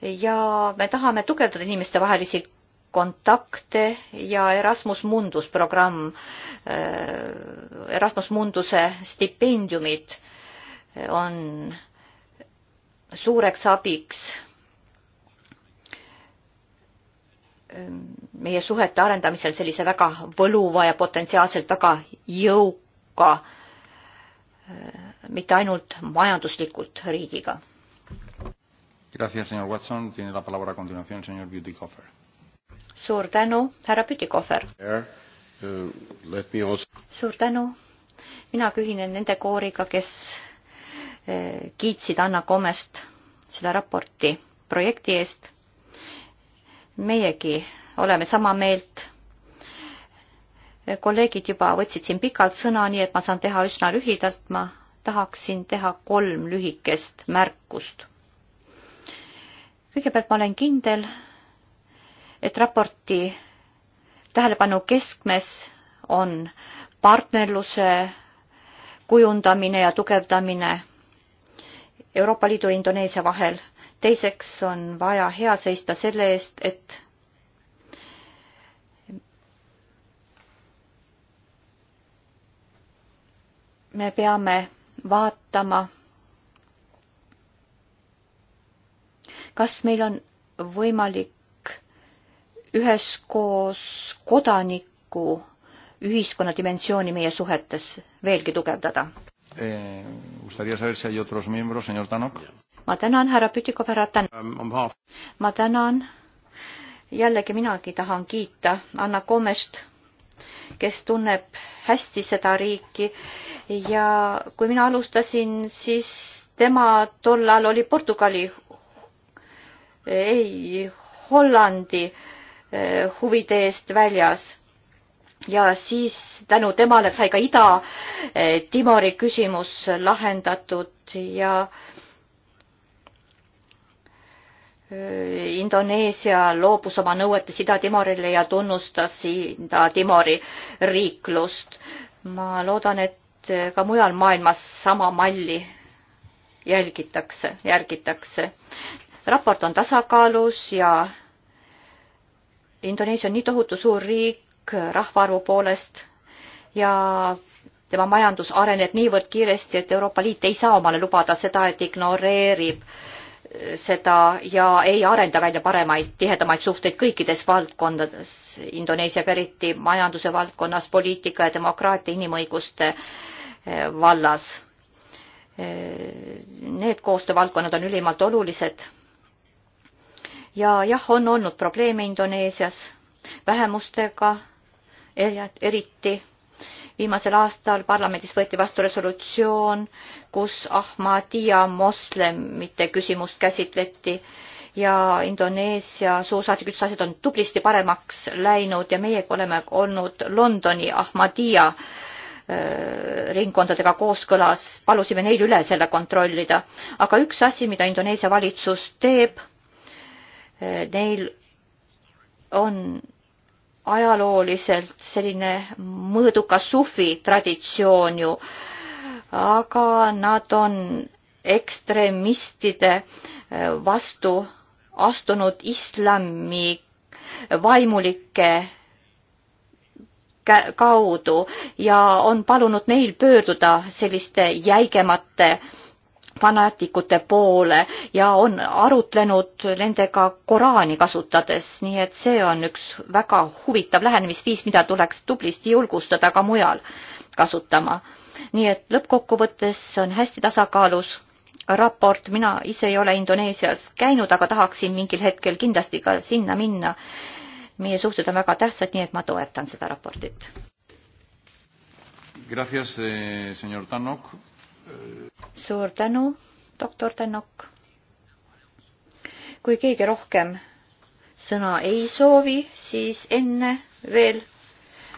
ja me tahame tugevdada inimestevahelisi kontakte ja Erasmus Mundus programm, äh, Erasmus Munduse stipendiumid on suureks abiks Ehm, meie suhete arendamisel sellise väga võluva ja potentsiaalselt väga jõuka, ehm, mitte ainult majanduslikult riigiga. suur tänu, härra Pütikofer. Uh, suur tänu, minagi ühinen nende kooriga, kes eh, kiitsid Anna Komest selle raporti projekti eest meiegi oleme sama meelt. kolleegid juba võtsid siin pikalt sõna, nii et ma saan teha üsna lühidalt, ma tahaksin teha kolm lühikest märkust. kõigepealt ma olen kindel, et raporti tähelepanu keskmes on partnerluse kujundamine ja tugevdamine Euroopa Liidu ja Indoneesia vahel teiseks on vaja hea seista selle eest, et me peame vaatama, kas meil on võimalik üheskoos kodaniku ühiskonna dimensiooni meie suhetes veelgi tugevdada eh, ma tänan, härra Pütikov, härra Tän-. Um, ma tänan. jällegi minagi tahan kiita Anna Komest, kes tunneb hästi seda riiki ja kui mina alustasin, siis tema tollal oli Portugali, ei, Hollandi eh, huvide eest väljas ja siis tänu temale sai ka Ida-Timori eh, küsimus lahendatud ja äh, Indoneesia loobus oma nõuetes Ida-Timorile ja tunnustas Ida-Timori riiklust. ma loodan, et ka mujal maailmas sama malli jälgitakse, järgitakse. raport on tasakaalus ja Indoneesia on nii tohutu suur riik rahvaarvu poolest ja tema majandus areneb niivõrd kiiresti, et Euroopa Liit ei saa omale lubada seda, et ignoreerib äh, seda ja ei arenda välja paremaid, tihedamaid suhteid kõikides valdkondades, Indoneesiaga eriti majanduse valdkonnas, poliitika ja demokraatia, inimõiguste eh, vallas. Eh, need koostöövaldkonnad on ülimalt olulised. ja jah, on olnud probleeme Indoneesias vähemustega eriti viimasel aastal parlamendis võeti vastu resolutsioon, kus Ahmadia moslemite küsimust käsitleti ja Indoneesia suursaadik ütles, asjad on tublisti paremaks läinud ja meiegi oleme olnud Londoni Ahmadia ringkondadega kooskõlas, palusime neil üle selle kontrollida. aga üks asi, mida Indoneesia valitsus teeb, neil on ajalooliselt selline mõõdukas sufi traditsioon ju, aga nad on ekstremistide eh, vastu astunud islami vaimulike kaudu ja on palunud neil pöörduda selliste jäigemate äh, fanaatikute poole ja on arutlenud nendega Koraani kasutades, nii et see on üks väga huvitav lähenemisviis, mida tuleks tublisti julgustada ka mujal kasutama. nii et lõppkokkuvõttes on hästi tasakaalus raport, mina ise ei ole Indoneesias käinud, aga tahaksin mingil hetkel kindlasti ka sinna minna. meie suhted on väga tähtsad, nii et ma toetan seda raportit. Gracias, eh, señor Tannock suur tänu, doktor Tänok. kui keegi rohkem sõna ei soovi, siis enne veel,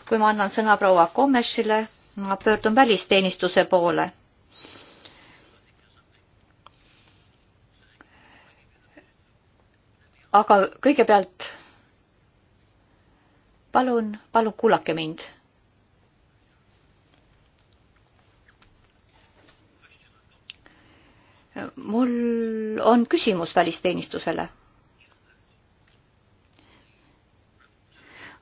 kui ma annan sõna proua Komešile, ma pöördun välisteenistuse poole. aga kõigepealt palun, palun kuulake mind mul on küsimus välisteenistusele.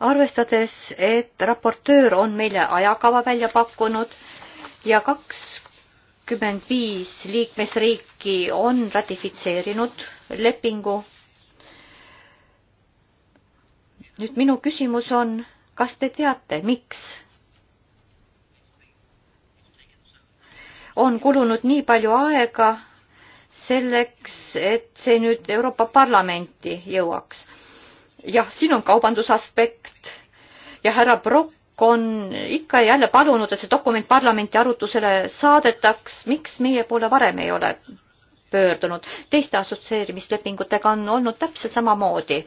arvestades, et raportöör on meile ajakava välja pakkunud ja kakskümmend viis liikmesriiki on ratifitseerinud lepingu. nüüd minu küsimus on, kas te teate, miks? on kulunud nii palju aega selleks, et see nüüd Euroopa Parlamenti jõuaks. jah, siin on kaubandusaspekt ja härra Brock on ikka ja jälle palunud, et see dokument parlamenti arutusele saadetaks. miks meie poole varem ei ole pöördunud? teiste assotsieerimislepingutega on olnud täpselt samamoodi.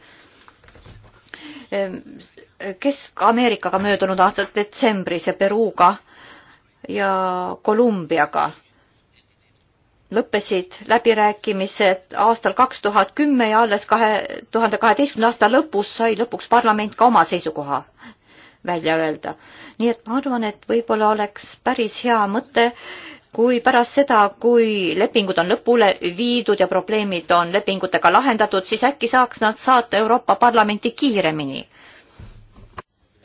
Ehm, Kesk-Ameerikaga möödunud aasta detsembris ja Peruga ja Kolumbiaga lõppesid läbirääkimised aastal kaks tuhat kümme ja alles kahe tuhande kaheteistkümnenda aasta lõpus sai lõpuks parlament ka oma seisukoha välja öelda. nii et ma arvan, et võib-olla oleks päris hea mõte, kui pärast seda, kui lepingud on lõpule viidud ja probleemid on lepingutega lahendatud, siis äkki saaks nad saata Euroopa Parlamenti kiiremini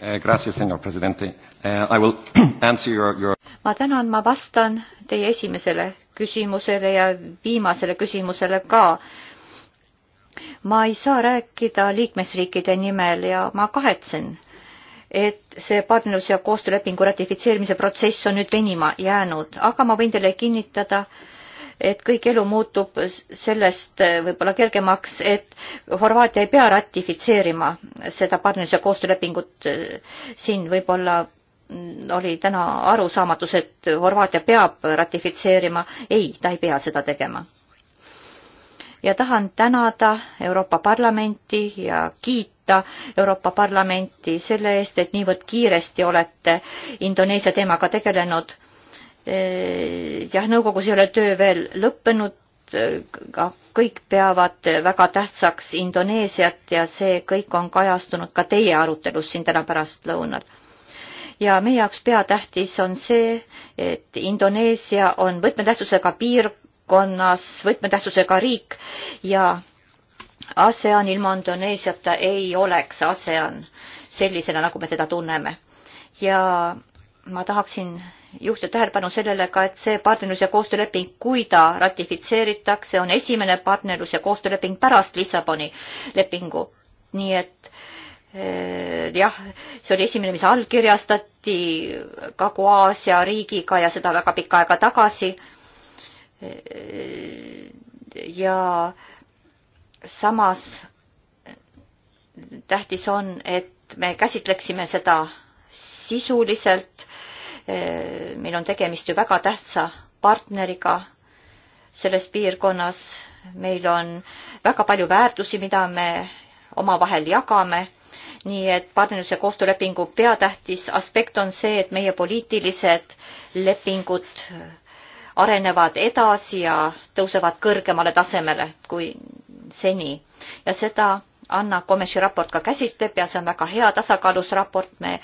eh, Gracias, senor presidente. Eh, I will answer your, your... ma tänan, ma vastan teie esimesele küsimusele ja viimasele küsimusele ka. ma ei saa rääkida liikmesriikide nimel ja ma kahetsen, et see partnerlus- ja koostöölepingu ratifitseerimise protsess on nüüd venima jäänud, aga ma võin teile kinnitada, et kõik elu muutub sellest võib-olla kergemaks, et Horvaatia ei pea ratifitseerima seda partnerluse koostöölepingut. siin võib-olla oli täna arusaamatus, et Horvaatia peab ratifitseerima. ei, ta ei pea seda tegema. ja tahan tänada Euroopa Parlamenti ja kiita Euroopa Parlamenti selle eest, et niivõrd kiiresti olete Indoneesia teemaga tegelenud. E, jah, nõukogus ei ole töö veel lõppenud, e, ka kõik peavad väga tähtsaks Indoneesiat ja see kõik on kajastunud ka teie arutelus siin täna pärastlõunal ja meie jaoks peatähtis on see, et Indoneesia on võtmetähtsusega piirkonnas võtmetähtsusega riik ja ASEAN ilma Indoneesiata ei oleks ASEAN sellisena, nagu me teda tunneme. ja ma tahaksin juhtida tähelepanu sellele ka, et see partnerlus- ja koostööleping, kui ta ratifitseeritakse, on esimene partnerlus- ja koostööleping pärast Lissaboni lepingu. nii et Äh, jah, see oli esimene, mis allkirjastati Kagu-Aasia riigiga ja seda väga pikka aega tagasi. Äh, ja samas tähtis on, et me käsitleksime seda sisuliselt. Äh, meil on tegemist ju väga tähtsa partneriga selles piirkonnas. meil on väga palju väärtusi, mida me omavahel jagame nii et partnerluse koostöölepingu peatähtis aspekt on see, et meie poliitilised lepingud arenevad edasi ja tõusevad kõrgemale tasemele kui seni ja seda Anna Komeši raport ka käsitleb ja see on väga hea tasakaalus raport, me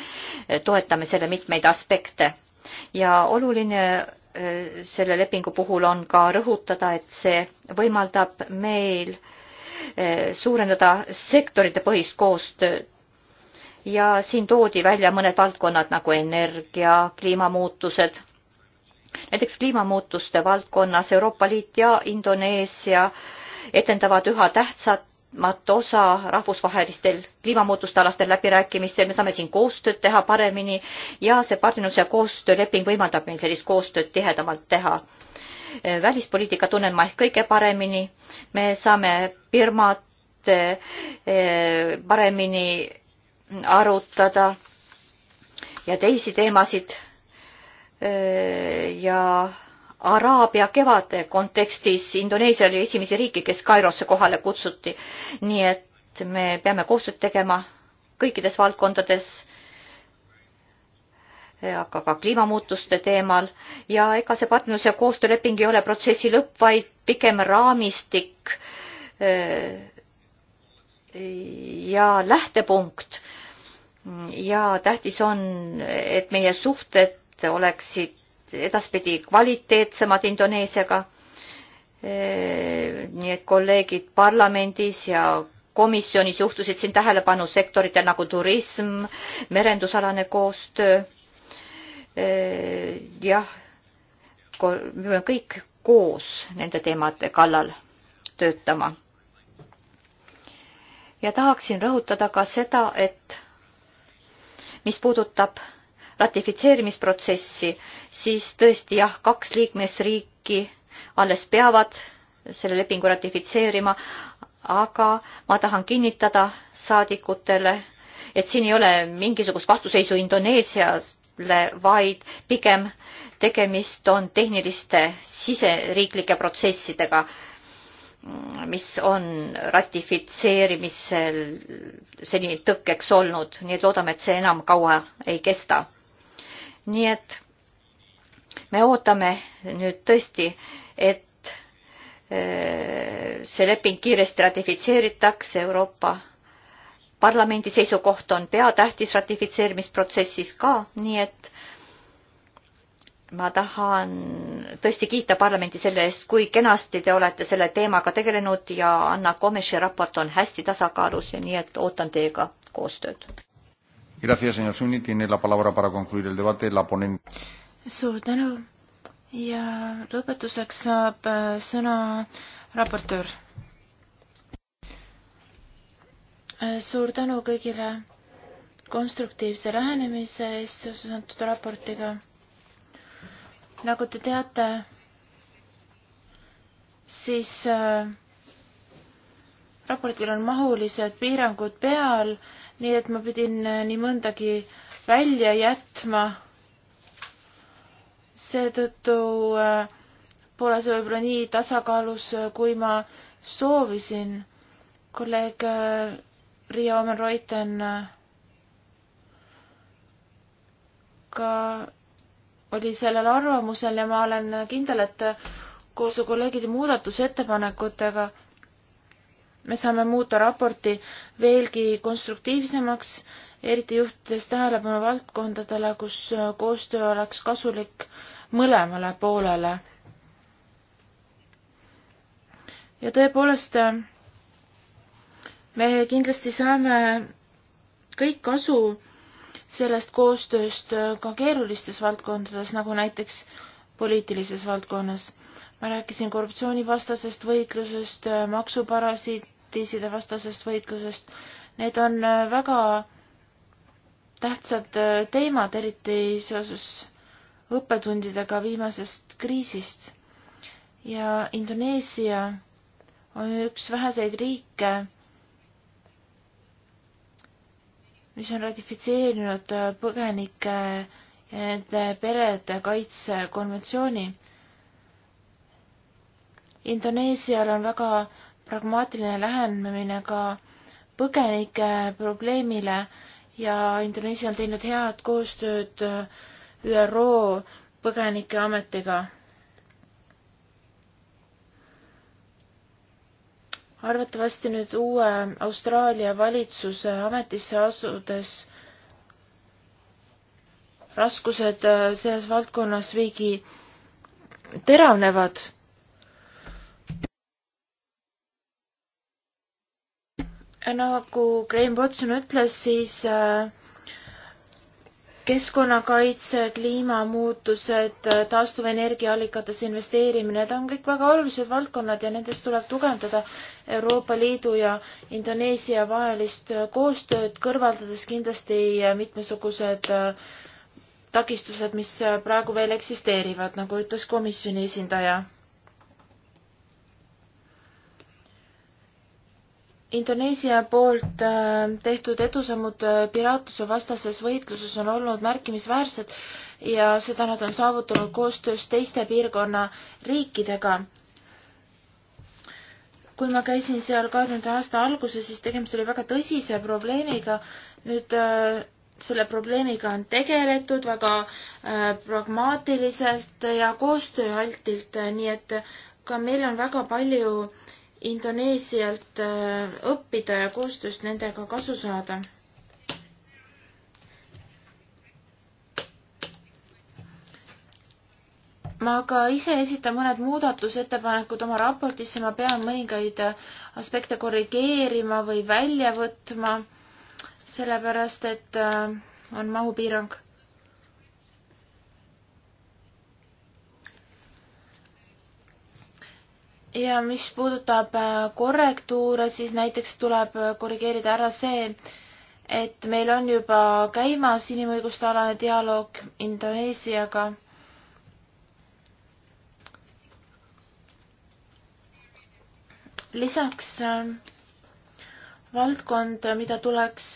toetame selle mitmeid aspekte. ja oluline äh, selle lepingu puhul on ka rõhutada, et see võimaldab meil äh, suurendada sektorite põhist koostööd ja siin toodi välja mõned valdkonnad nagu energia, kliimamuutused. näiteks kliimamuutuste valdkonnas Euroopa Liit ja Indoneesia etendavad üha tähtsamat osa rahvusvahelistel kliimamuutuste alastel läbirääkimistel, me saame siin koostööd teha paremini ja see partnerlus ja koostööleping võimaldab meil sellist koostööd tihedamalt teha välispoliitika tunnen ma ehk kõige paremini, me saame Birmat eh, eh, paremini arutada ja teisi teemasid ja Araabia kevade kontekstis Indoneesia oli esimesi riike, kes Kairosse kohale kutsuti. nii et me peame koostööd tegema kõikides valdkondades, aga ka kliimamuutuste teemal ja ega see partnerlus ja koostööleping ei ole protsessi lõpp, vaid pigem raamistik ja lähtepunkt ja tähtis on, et meie suhted oleksid edaspidi kvaliteetsemad Indoneesiaga. E, nii et kolleegid parlamendis ja komisjonis juhtusid siin tähelepanu sektoritel nagu turism, merendusalane koostöö. E, jah, me peame kõik koos nende teemade kallal töötama. ja tahaksin rõhutada ka seda, et mis puudutab ratifitseerimisprotsessi, siis tõesti jah, kaks liikmesriiki alles peavad selle lepingu ratifitseerima, aga ma tahan kinnitada saadikutele, et siin ei ole mingisugust vastuseisu Indoneesiale, vaid pigem tegemist on tehniliste siseriiklike protsessidega mis on ratifitseerimisel seni tõkkeks olnud, nii et loodame, et see enam kaua ei kesta. nii et me ootame nüüd tõesti, et äh, see leping kiiresti ratifitseeritakse, Euroopa Parlamendi seisukoht on peatähtis ratifitseerimisprotsessis ka, nii et ma tahan tõesti kiita parlamenti selle eest, kui kenasti te olete selle teemaga tegelenud ja Anna Komeši raport on hästi tasakaalus ja nii et ootan teiega koostööd. suur tänu ja lõpetuseks saab äh, sõna raportöör. Äh, suur tänu kõigile konstruktiivse lähenemise eest seoses antud raportiga nagu te teate, siis äh, raportil on mahulised piirangud peal, nii et ma pidin äh, nii mõndagi välja jätma. seetõttu äh, pole see võib-olla nii tasakaalus, äh, kui ma soovisin. kolleeg äh, Riia Omen-Reuten äh, ka oli sellel arvamusel ja ma olen kindel, et koos kolleegide muudatusettepanekutega me saame muuta raporti veelgi konstruktiivsemaks, eriti juhtides tähelepanu valdkondadele, kus koostöö oleks kasulik mõlemale poolele. ja tõepoolest, me kindlasti saame kõik kasu sellest koostööst äh, ka keerulistes valdkondades, nagu näiteks poliitilises valdkonnas. ma rääkisin korruptsioonivastasest võitlusest, äh, maksuparasiitiside vastasest võitlusest. Need on äh, väga tähtsad teemad, eriti seoses õppetundidega viimasest kriisist. ja Indoneesia on üks väheseid riike, mis on ratifitseerinud põgenike ja nende perede kaitsekonventsiooni. Indoneesial on väga pragmaatiline lähenemine ka põgenike probleemile ja Indoneesia on teinud head koostööd ÜRO põgenikeametiga arvatavasti nüüd uue Austraalia valitsuse ametisse asudes raskused äh, selles valdkonnas veidi teravnevad. nagu Graham Watson ütles, siis äh, keskkonnakaitse, kliimamuutused, taastuvenergiaallikates investeerimine, need on kõik väga olulised valdkonnad ja nendes tuleb tugevdada Euroopa Liidu ja Indoneesia vahelist koostööd, kõrvaldades kindlasti mitmesugused äh, takistused, mis praegu veel eksisteerivad, nagu ütles komisjoni esindaja. Indoneesia poolt äh, tehtud edusammud äh, piraatluse vastases võitluses on olnud märkimisväärsed ja seda nad on saavutanud koostöös teiste piirkonna riikidega. kui ma käisin seal kahekümnenda aasta alguses, siis tegemist oli väga tõsise probleemiga. nüüd äh, selle probleemiga on tegeletud väga pragmaatiliselt ja koostööaltilt, nii et ka meil on väga palju äh, Indoneesialt äh, õppida ja koostööst nendega kasu saada. ma ka ise esitan mõned muudatusettepanekud oma raportisse, ma pean mõningaid aspekte korrigeerima või välja võtma, sellepärast et äh, on mahupiirang ja mis puudutab äh, korrektuure, siis näiteks tuleb äh, korrigeerida ära see, et meil on juba käimas inimõiguste alane dialoog Indoneesiaga. lisaks äh, valdkond, mida tuleks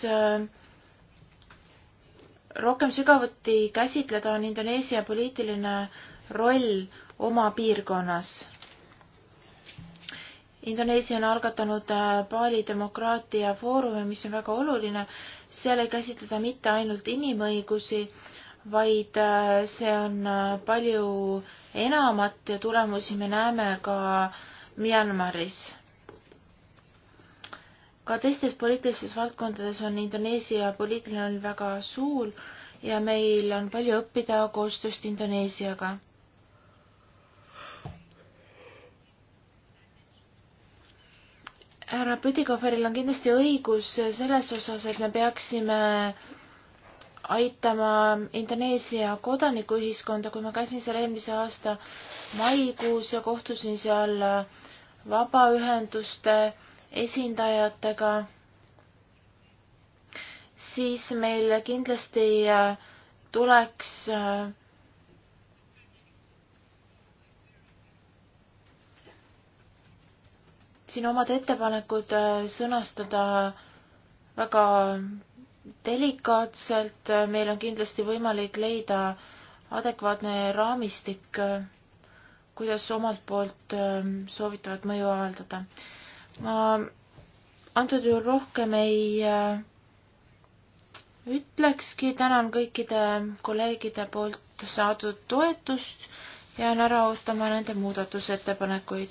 rohkem sügavuti käsitleda, on Indoneesia poliitiline roll oma piirkonnas Indoneesia on algatanud äh, Bali demokraatia foorumi, mis on väga oluline. seal ei käsitleda mitte ainult inimõigusi, vaid äh, see on äh, palju enamat ja tulemusi me näeme ka Myanmaris. ka teistes poliitilistes valdkondades on Indoneesia poliitiline roll väga suur ja meil on palju õppida koostööst Indoneesiaga härra Püdikoferil on kindlasti õigus selles osas, et me peaksime aitama Indoneesia kodanikuühiskonda, kui ma käisin seal eelmise aasta maikuus ja kohtusin seal vabaühenduste esindajatega, siis meil kindlasti tuleks äh, siin omad ettepanekud äh, sõnastada väga delikaatselt, meil on kindlasti võimalik leida adekvaatne raamistik, äh, kuidas omalt poolt äh, soovitavat mõju avaldada. ma antud juhul rohkem ei ütlekski, tänan kõikide kolleegide poolt saadud toetust, jään ära ootama nende muudatusettepanekuid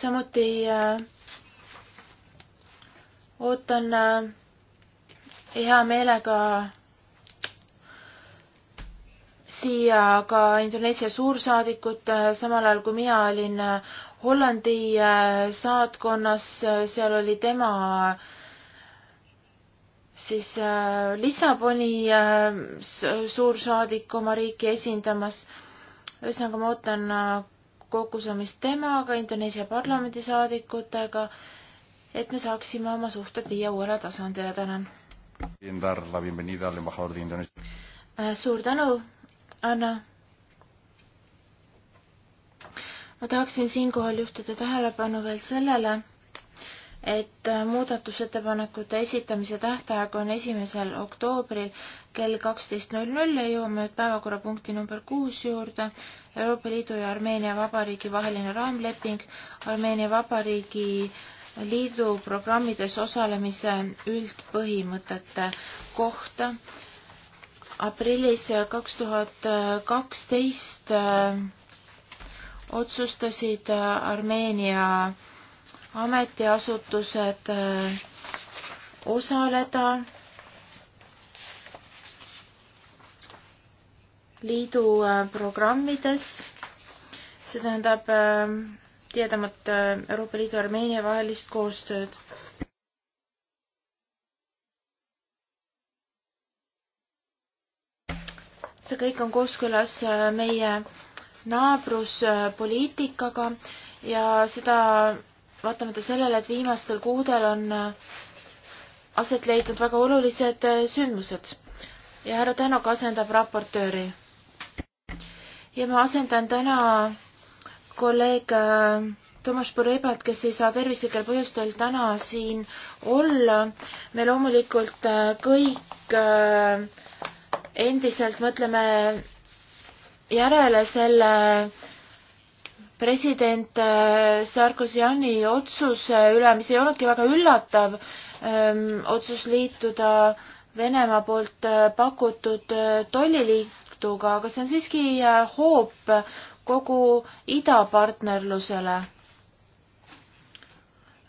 samuti äh, ootan äh, hea meelega siia ka Indoneesia suursaadikut, äh, samal ajal kui mina olin Hollandi saatkonnas, seal oli tema siis Lissaboni suursaadik oma riiki esindamas. ühesõnaga, ma ootan kokkusaamist temaga, Indoneesia parlamendisaadikutega, et me saaksime oma suhted viia uuele tasandile, tänan. Äh, suur tänu, Anna. ma tahaksin siinkohal juhtida tähelepanu veel sellele, et äh, muudatusettepanekute esitamise tähtaeg on esimesel oktoobril kell kaksteist null null ja jõuame nüüd päevakorrapunkti number kuus juurde. Euroopa Liidu ja Armeenia Vabariigi vaheline raamleping Armeenia Vabariigi liidu programmides osalemise üldpõhimõtete kohta. aprillis kaks tuhat kaksteist äh, otsustasid Armeenia ametiasutused äh, osaleda liidu äh, programmides, see tähendab äh, tihedamat Euroopa Liidu ja Armeenia vahelist koostööd. see kõik on kooskõlas meie naabruspoliitikaga ja seda vaatamata sellele, et viimastel kuudel on äh, aset leidnud väga olulised äh, sündmused ja härra Tänok asendab raportööri. ja ma asendan täna kolleeg äh, Tomas Porebat, kes ei saa tervislikel põhjustel täna siin olla. me loomulikult kõik endiselt mõtleme järele selle president äh, Sarkozyani otsuse üle, mis ei olnudki väga üllatav, ähm, otsus liituda Venemaa poolt äh, pakutud äh, tolliliituga, aga see on siiski hoop kogu idapartnerlusele.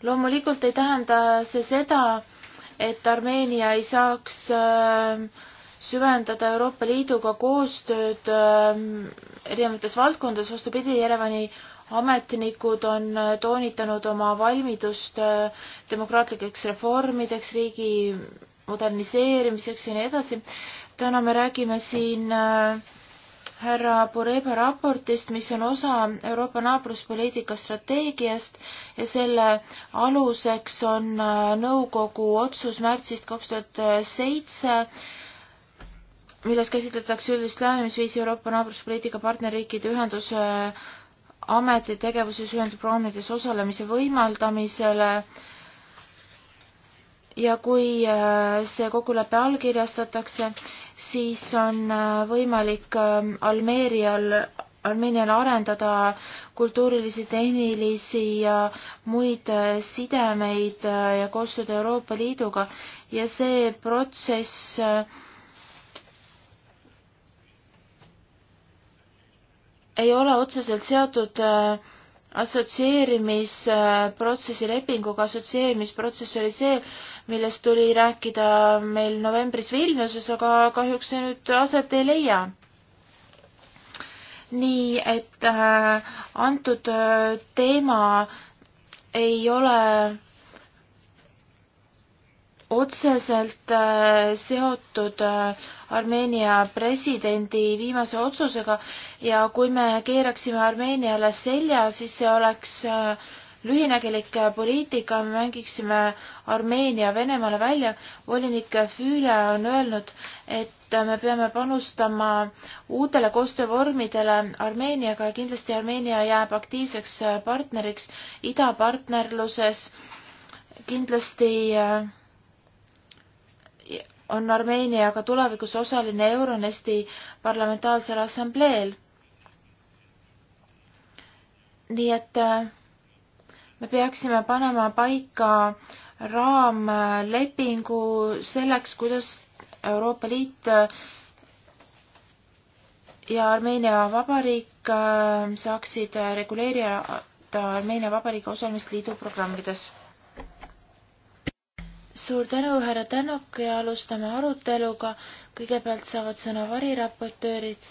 loomulikult ei tähenda see seda, et Armeenia ei saaks süvendada Euroopa Liiduga koostööd ähm, erinevates valdkondades, vastupidi, Jerevani ametnikud on äh, toonitanud oma valmidust äh, demokraatlikeks reformideks, riigi moderniseerimiseks ja nii edasi. täna me räägime siin äh, härra Bureba raportist, mis on osa Euroopa naabruspoliitika strateegiast ja selle aluseks on nõukogu otsus märtsist kaks tuhat seitse milles käsitletakse üldist lähenemisviisi Euroopa naabruspoliitika partnerriikide ühenduse äh, ameti tegevuses ühendprogrammides osalemise võimaldamisele ja kui äh, see kokkulepe allkirjastatakse, siis on äh, võimalik ähm, Almeerial, Armeenial arendada kultuurilisi, tehnilisi ja muid sidemeid ja koostööd Euroopa Liiduga ja see protsess ei ole otseselt seotud äh, assotsieerimisprotsessi lepinguga, assotsieerimisprotsess oli see, millest tuli rääkida meil novembris Vilniuses, aga kahjuks see nüüd aset ei leia. nii et äh, antud äh, teema ei ole otseselt äh, seotud äh, Armeenia presidendi viimase otsusega ja kui me keeraksime Armeeniale selja, siis see oleks äh, lühinägelik poliitika, me mängiksime Armeenia Venemaale välja. volinik Füüle on öelnud, et me peame panustama uutele koostöövormidele Armeeniaga ja kindlasti Armeenia jääb aktiivseks partneriks idapartnerluses. kindlasti äh, on Armeenia ka tulevikus osaline Euronesti parlamentaarsel assambleel. nii et äh, me peaksime panema paika raamlepingu selleks, kuidas Euroopa Liit äh, ja Armeenia Vabariik äh, saaksid reguleerida Armeenia Vabariigi osalemist liidu programmides suur tänu, härra Tänok ja alustame aruteluga. kõigepealt saavad sõna variraportöörid.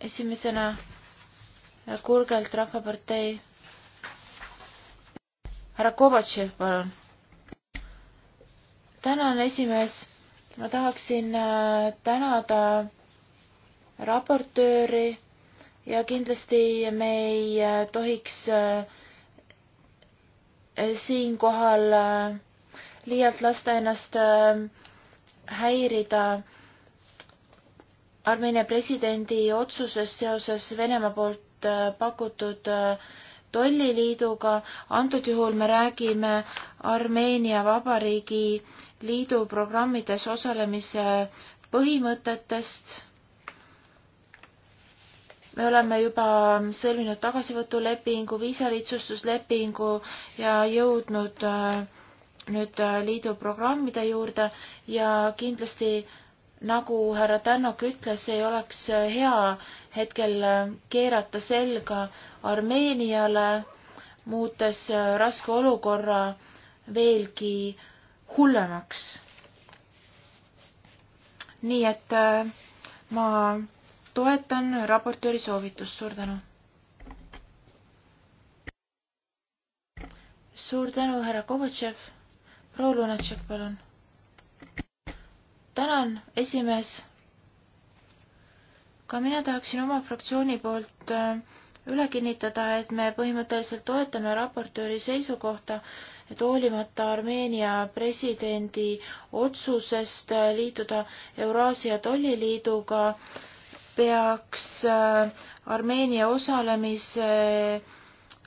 esimesena Kurgelt Rahvapartei. härra Kovatšev, palun. tänan, esimees. ma tahaksin äh, tänada raportööri ja kindlasti me ei äh, tohiks siinkohal äh, äh liialt lasta ennast ähm, häirida Armeenia presidendi otsuses seoses Venemaa poolt äh, pakutud äh, tolliliiduga. antud juhul me räägime Armeenia Vabariigi liidu programmides osalemise põhimõtetest. me oleme juba sõlminud tagasivõtulepingu, viisalihtsustuslepingu ja jõudnud äh, nüüd äh, liidu programmide juurde ja kindlasti nagu härra Tänak ütles, ei oleks äh, hea hetkel äh, keerata selga Armeeniale, muutes raske olukorra veelgi hullemaks. nii et ma toetan raportööri soovitust, suur tänu. suur tänu, härra Kovatšev proua Lunatšek, palun. tänan, esimees. ka mina tahaksin oma fraktsiooni poolt äh, üle kinnitada, et me põhimõtteliselt toetame raportööri seisukohta, et hoolimata Armeenia presidendi otsusest äh, liituda Euraasia tolliliiduga, peaks äh, Armeenia osalemise äh,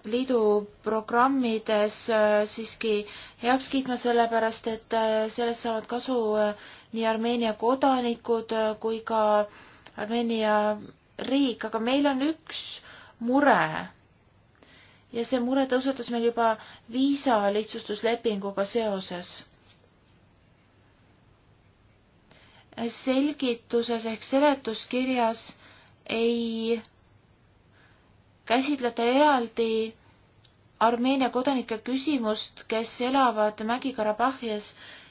liidu programmides äh, siiski heaks kiitma, sellepärast et äh, sellest saavad kasu äh, nii Armeenia kodanikud kui ka Armeenia riik, aga meil on üks mure. ja see mure tõusetus meil juba viisa lihtsustuslepinguga seoses. selgituses ehk seletuskirjas ei käsitleda eraldi Armeenia kodanike küsimust, kes elavad Mägi-Karabahhias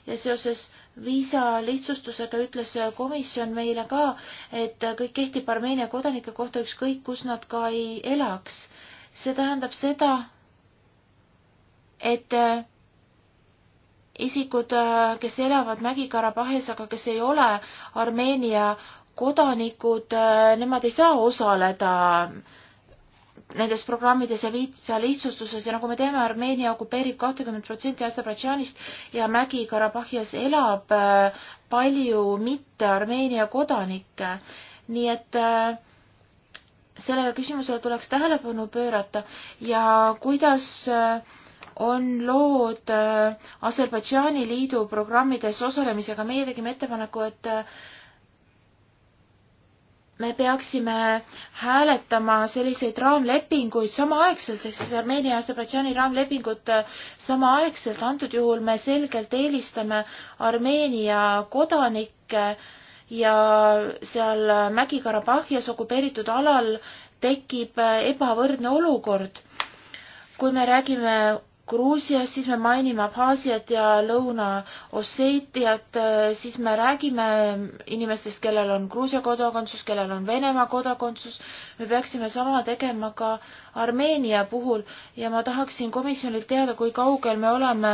ja seoses viisa lihtsustusega ütles komisjon meile ka, et kõik kehtib Armeenia kodanike kohta, ükskõik kus nad ka ei elaks. see tähendab seda, et isikud, kes elavad Mägi-Karabahhis, aga kes ei ole Armeenia kodanikud, nemad ei saa osaleda äh, nendes programmides ja viitsa lihtsustuses ja nagu me teame, Armeenia okupeerib kahtekümmet protsenti Aserbaidžaanist ja Mägi-Karabahhias elab äh, palju mitte Armeenia kodanikke. nii et äh, sellele küsimusele tuleks tähelepanu pöörata ja kuidas äh, on lood Aserbaidžaani liidu programmides osalemisega, meie tegime ettepaneku, et me peaksime hääletama selliseid raamlepinguid samaaegselt, ehk siis Armeenia ja Aserbaidžaani raamlepingut samaaegselt, antud juhul me selgelt eelistame Armeenia kodanikke ja seal Mägi-Karabahhias okupeeritud alal tekib ebavõrdne olukord. kui me räägime Gruusias, siis me mainime Abhaasiat ja Lõuna-Osseetiat, äh, siis me räägime inimestest, kellel on Gruusia kodakondsus, kellel on Venemaa kodakondsus. me peaksime sama tegema ka Armeenia puhul ja ma tahaksin komisjonilt teada, kui kaugel me oleme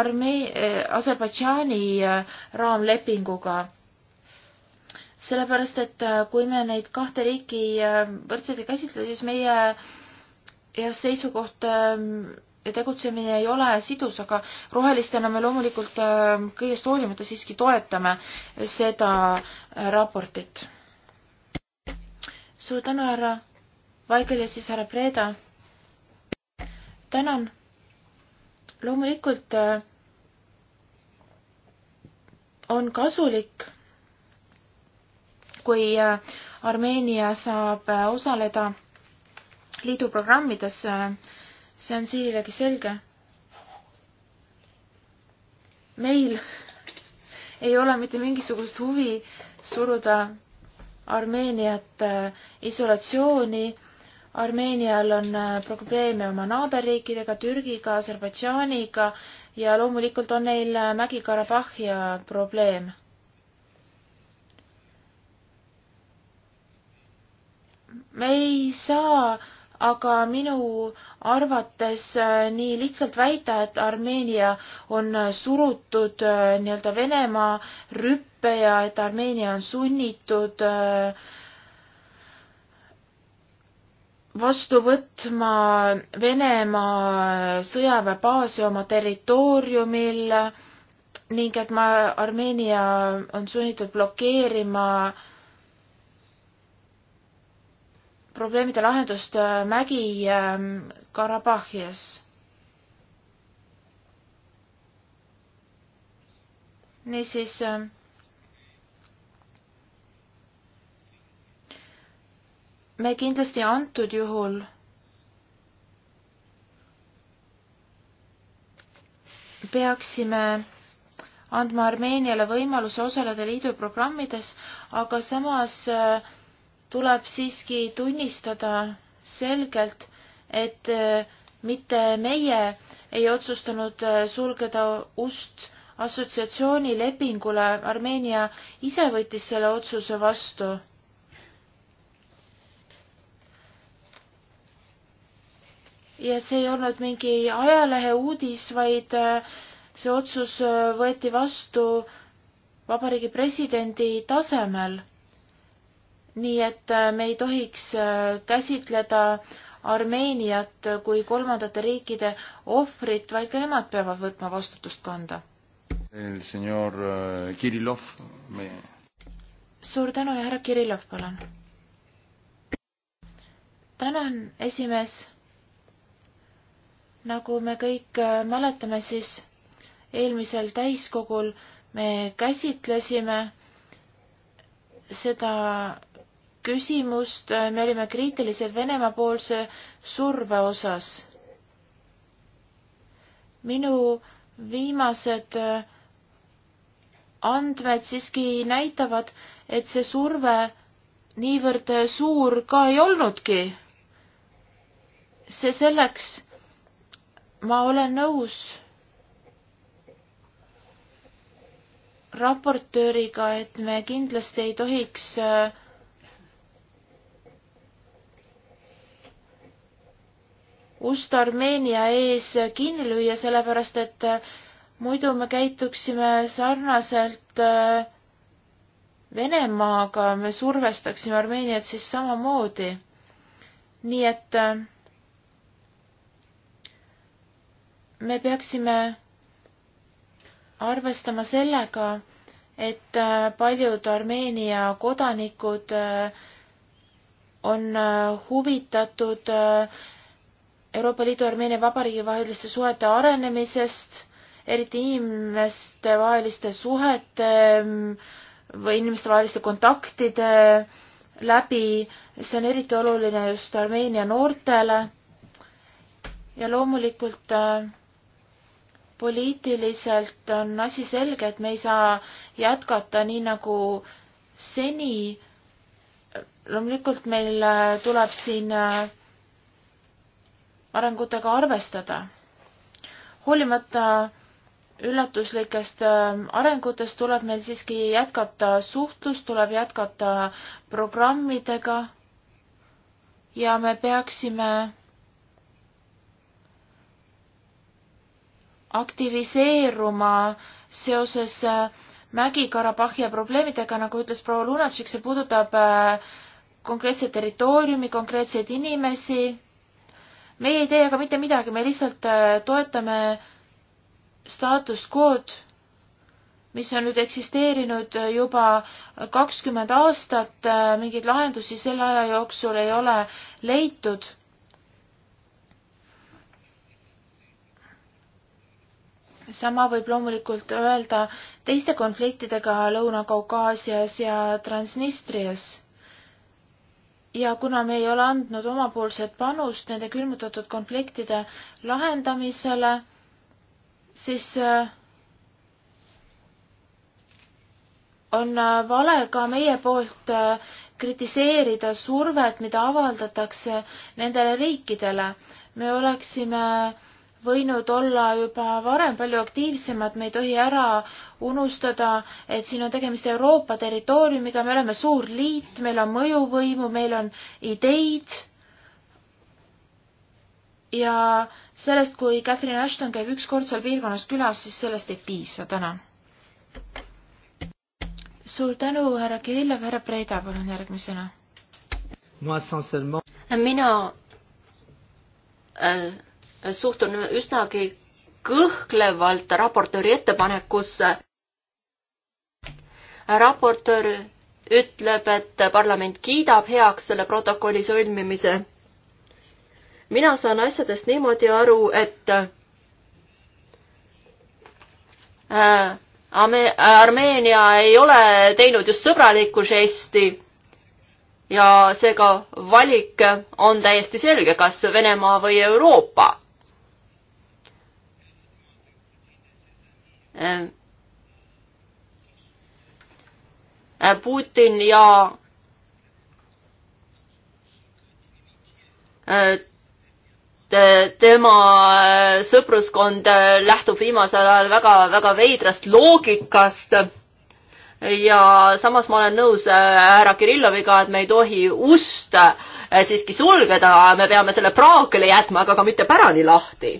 Armee-, äh, Aserbaidžaani äh, raamlepinguga sellepärast, et kui me neid kahte riiki võrdselt ei käsitle, siis meie jah, seisukoht ähm, tegutsemine ei ole sidus, aga rohelistena me loomulikult äh, kõigest hoolimata siiski toetame seda äh, raportit. suur tänu, härra Vaigel ja siis härra Preeda. tänan. loomulikult äh, on kasulik, kui Armeenia saab osaleda liidu programmides äh, see on siilegi selge. meil ei ole mitte mingisugust huvi suruda Armeeniat äh, isolatsiooni. Armeenial on äh, probleeme oma naaberriikidega, Türgiga, Aserbaidžaaniga ja loomulikult on neil äh, Mägi-Karabahhia probleem. me ei saa aga minu arvates äh, nii lihtsalt väita, et Armeenia on äh, surutud äh, nii-öelda Venemaa rüppe ja et Armeenia on sunnitud vastu võtma Venemaa sõjaväebaasi oma territooriumil ning et ma, Armeenia on sunnitud blokeerima äh, probleemide lahendust äh, Mägi ähm, Karabahhias. niisiis ähm, me kindlasti antud juhul peaksime andma Armeeniale võimaluse osaleda liidu programmides, aga samas äh, tuleb siiski tunnistada selgelt, et äh, mitte meie ei otsustanud äh, sulgeda ust assotsiatsioonilepingule, Armeenia ise võttis selle otsuse vastu. ja see ei olnud mingi ajalehe uudis, vaid äh, see otsus võeti vastu vabariigi presidendi tasemel nii et äh, me ei tohiks äh, käsitleda Armeeniat kui kolmandate riikide ohvrit, vaid ka nemad peavad võtma vastutust kanda. Äh, me... suur tänu ja härra Kirillov, palun. tänan, esimees. nagu me kõik mäletame, siis eelmisel täiskogul me käsitlesime seda küsimust, me olime kriitilised Venemaa-poolse surve osas. minu viimased äh, andmed siiski näitavad, et see surve niivõrd äh, suur ka ei olnudki. see selleks, ma olen nõus raportööriga, et me kindlasti ei tohiks äh, ust Armeenia ees kinni lüüa, sellepärast et äh, muidu me käituksime sarnaselt äh, Venemaaga, me survestaksime Armeeniat siis samamoodi. nii et äh, me peaksime arvestama sellega, et paljud Armeenia kodanikud on huvitatud äh, Euroopa Liidu Armeenia Vabariigi vaheliste suhete arenemisest, eriti inimeste vaheliste suhete mm, või inimeste vaheliste kontaktide läbi, see on eriti oluline just Armeenia noortele ja loomulikult äh, poliitiliselt on asi selge, et me ei saa jätkata nii nagu seni. loomulikult meil äh, tuleb siin äh, arengutega arvestada. hoolimata üllatuslikest ähm, arengutest tuleb meil siiski jätkata suhtlust, tuleb jätkata programmidega ja me peaksime aktiviseeruma seoses äh, Mägi-Karabahhi probleemidega, nagu ütles proua Lunatšik, see puudutab äh, konkreetset territooriumi, konkreetseid inimesi meie ei tee aga mitte midagi, me lihtsalt äh, toetame staatus quo'd, mis on nüüd eksisteerinud äh, juba kakskümmend aastat, äh, mingeid lahendusi selle aja jooksul ei ole leitud. sama võib loomulikult öelda teiste konfliktidega Lõuna-Kaukaasias ja Transnistrias ja kuna me ei ole andnud omapoolset panust nende külmutatud konfliktide lahendamisele, siis äh, on äh, vale ka meie poolt äh, kritiseerida survet, mida avaldatakse nendele riikidele. me oleksime äh, võinud olla juba varem palju aktiivsemad, me ei tohi ära unustada, et siin on tegemist Euroopa territooriumiga, me oleme suur liit, meil on mõjuvõimu, meil on ideid. ja sellest, kui Catherine Ashton käib ükskord seal piirkonnas külas, siis sellest ei piisa, tänan. suur tänu, härra Kirillov, härra Preida, palun järgmisena. mina äh, suhtun üsnagi kõhklevalt raportööri ettepanekusse. raportöör ütleb, et parlament kiidab heaks selle protokolli sõlmimise. mina saan asjadest niimoodi aru, et äh, Ame-, Armeenia ei ole teinud just sõbralikku žesti ja seega valik on täiesti selge, kas Venemaa või Euroopa Äh, Putin ja äh, tema äh, sõpruskond lähtub viimasel ajal väga, väga veidrast loogikast. ja samas ma olen nõus härra Kirilloviga, et me ei tohi ust siiski sulgeda, me peame selle praakile jätma, aga ka mitte pärani lahti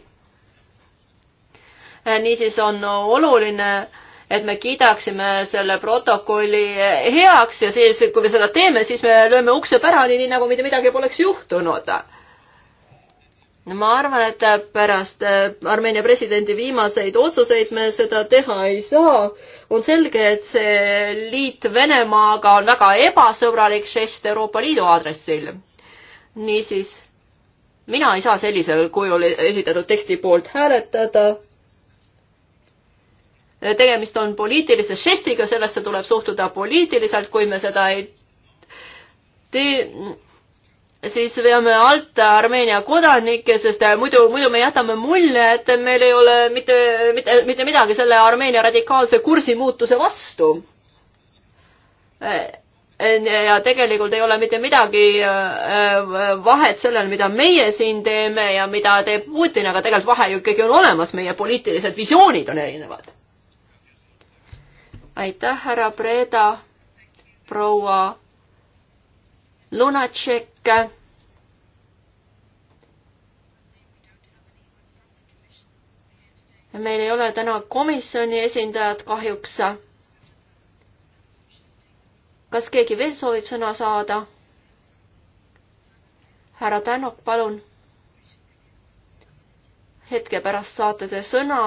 niisiis on oluline, et me kiidaksime selle protokolli heaks ja siis, kui me seda teeme, siis me lööme ukse pärani, nii nagu mitte midagi poleks juhtunud. ma arvan, et pärast äh, Armeenia presidendi viimaseid otsuseid me seda teha ei saa. on selge, et see liit Venemaaga on väga ebasõbralik žest Euroopa Liidu aadressil. niisiis, mina ei saa sellisel kujul esitatud teksti poolt hääletada tegemist on poliitilise žestiga, sellesse tuleb suhtuda poliitiliselt, kui me seda ei tee, siis veame alt Armeenia kodanikke, sest muidu, muidu me jätame mulje, et meil ei ole mitte, mitte, mitte midagi selle Armeenia radikaalse kursimuutuse vastu. ja tegelikult ei ole mitte midagi äh, vahet sellel, mida meie siin teeme ja mida teeb Putin, aga tegelikult vahe ju ikkagi on olemas, meie poliitilised visioonid on erinevad aitäh, härra Breda, proua Lunatšek. meil ei ole täna komisjoni esindajat kahjuks. kas keegi veel soovib sõna saada? härra Tänok, palun. hetke pärast saate te sõna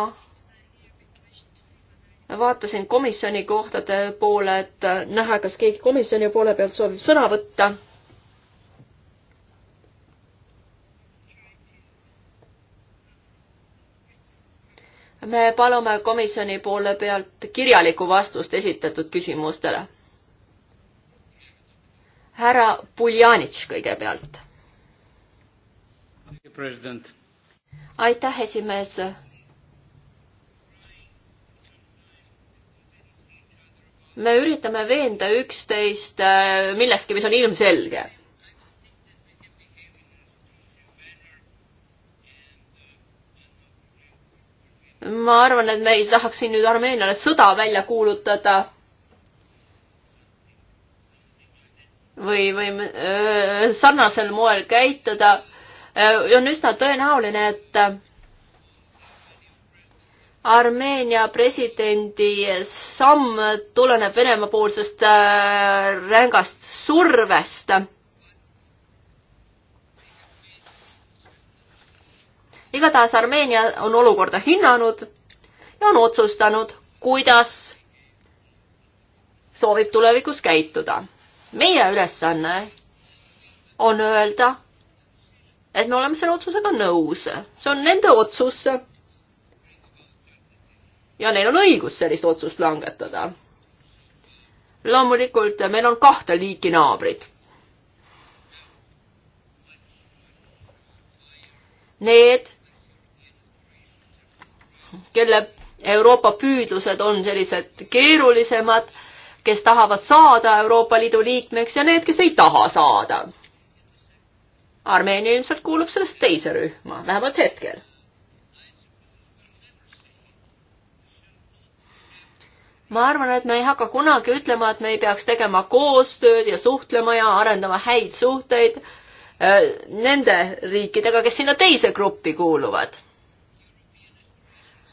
vaatasin komisjoni kohtade poole, et näha, kas keegi komisjoni poole pealt soovib sõna võtta. me palume komisjoni poole pealt kirjalikku vastust esitatud küsimustele. härra Puljanitš kõigepealt. aitäh, esimees me üritame veenda üksteist äh, milleski, mis on ilmselge. ma arvan, et me ei tahaks siin nüüd Armeeniale sõda välja kuulutada. või, või öö, äh, sarnasel moel käituda. Äh, on üsna tõenäoline, et Armeenia presidendi samm tuleneb Venemaa-poolsest äh, rängast survest. igatahes Armeenia on olukorda hinnanud ja on otsustanud, kuidas soovib tulevikus käituda. meie ülesanne on öelda, et me oleme selle otsusega nõus, see on nende otsus ja neil on õigus sellist otsust langetada. loomulikult meil on kahte liiki naabrid. Need, kelle Euroopa püüdlused on sellised keerulisemad, kes tahavad saada Euroopa Liidu liikmeks ja need, kes ei taha saada. Armeenia ilmselt kuulub sellest teise rühma, vähemalt hetkel ma arvan, et me ei hakka kunagi ütlema, et me ei peaks tegema koostööd ja suhtlema ja arendama häid suhteid äh, nende riikidega, kes sinna teise gruppi kuuluvad.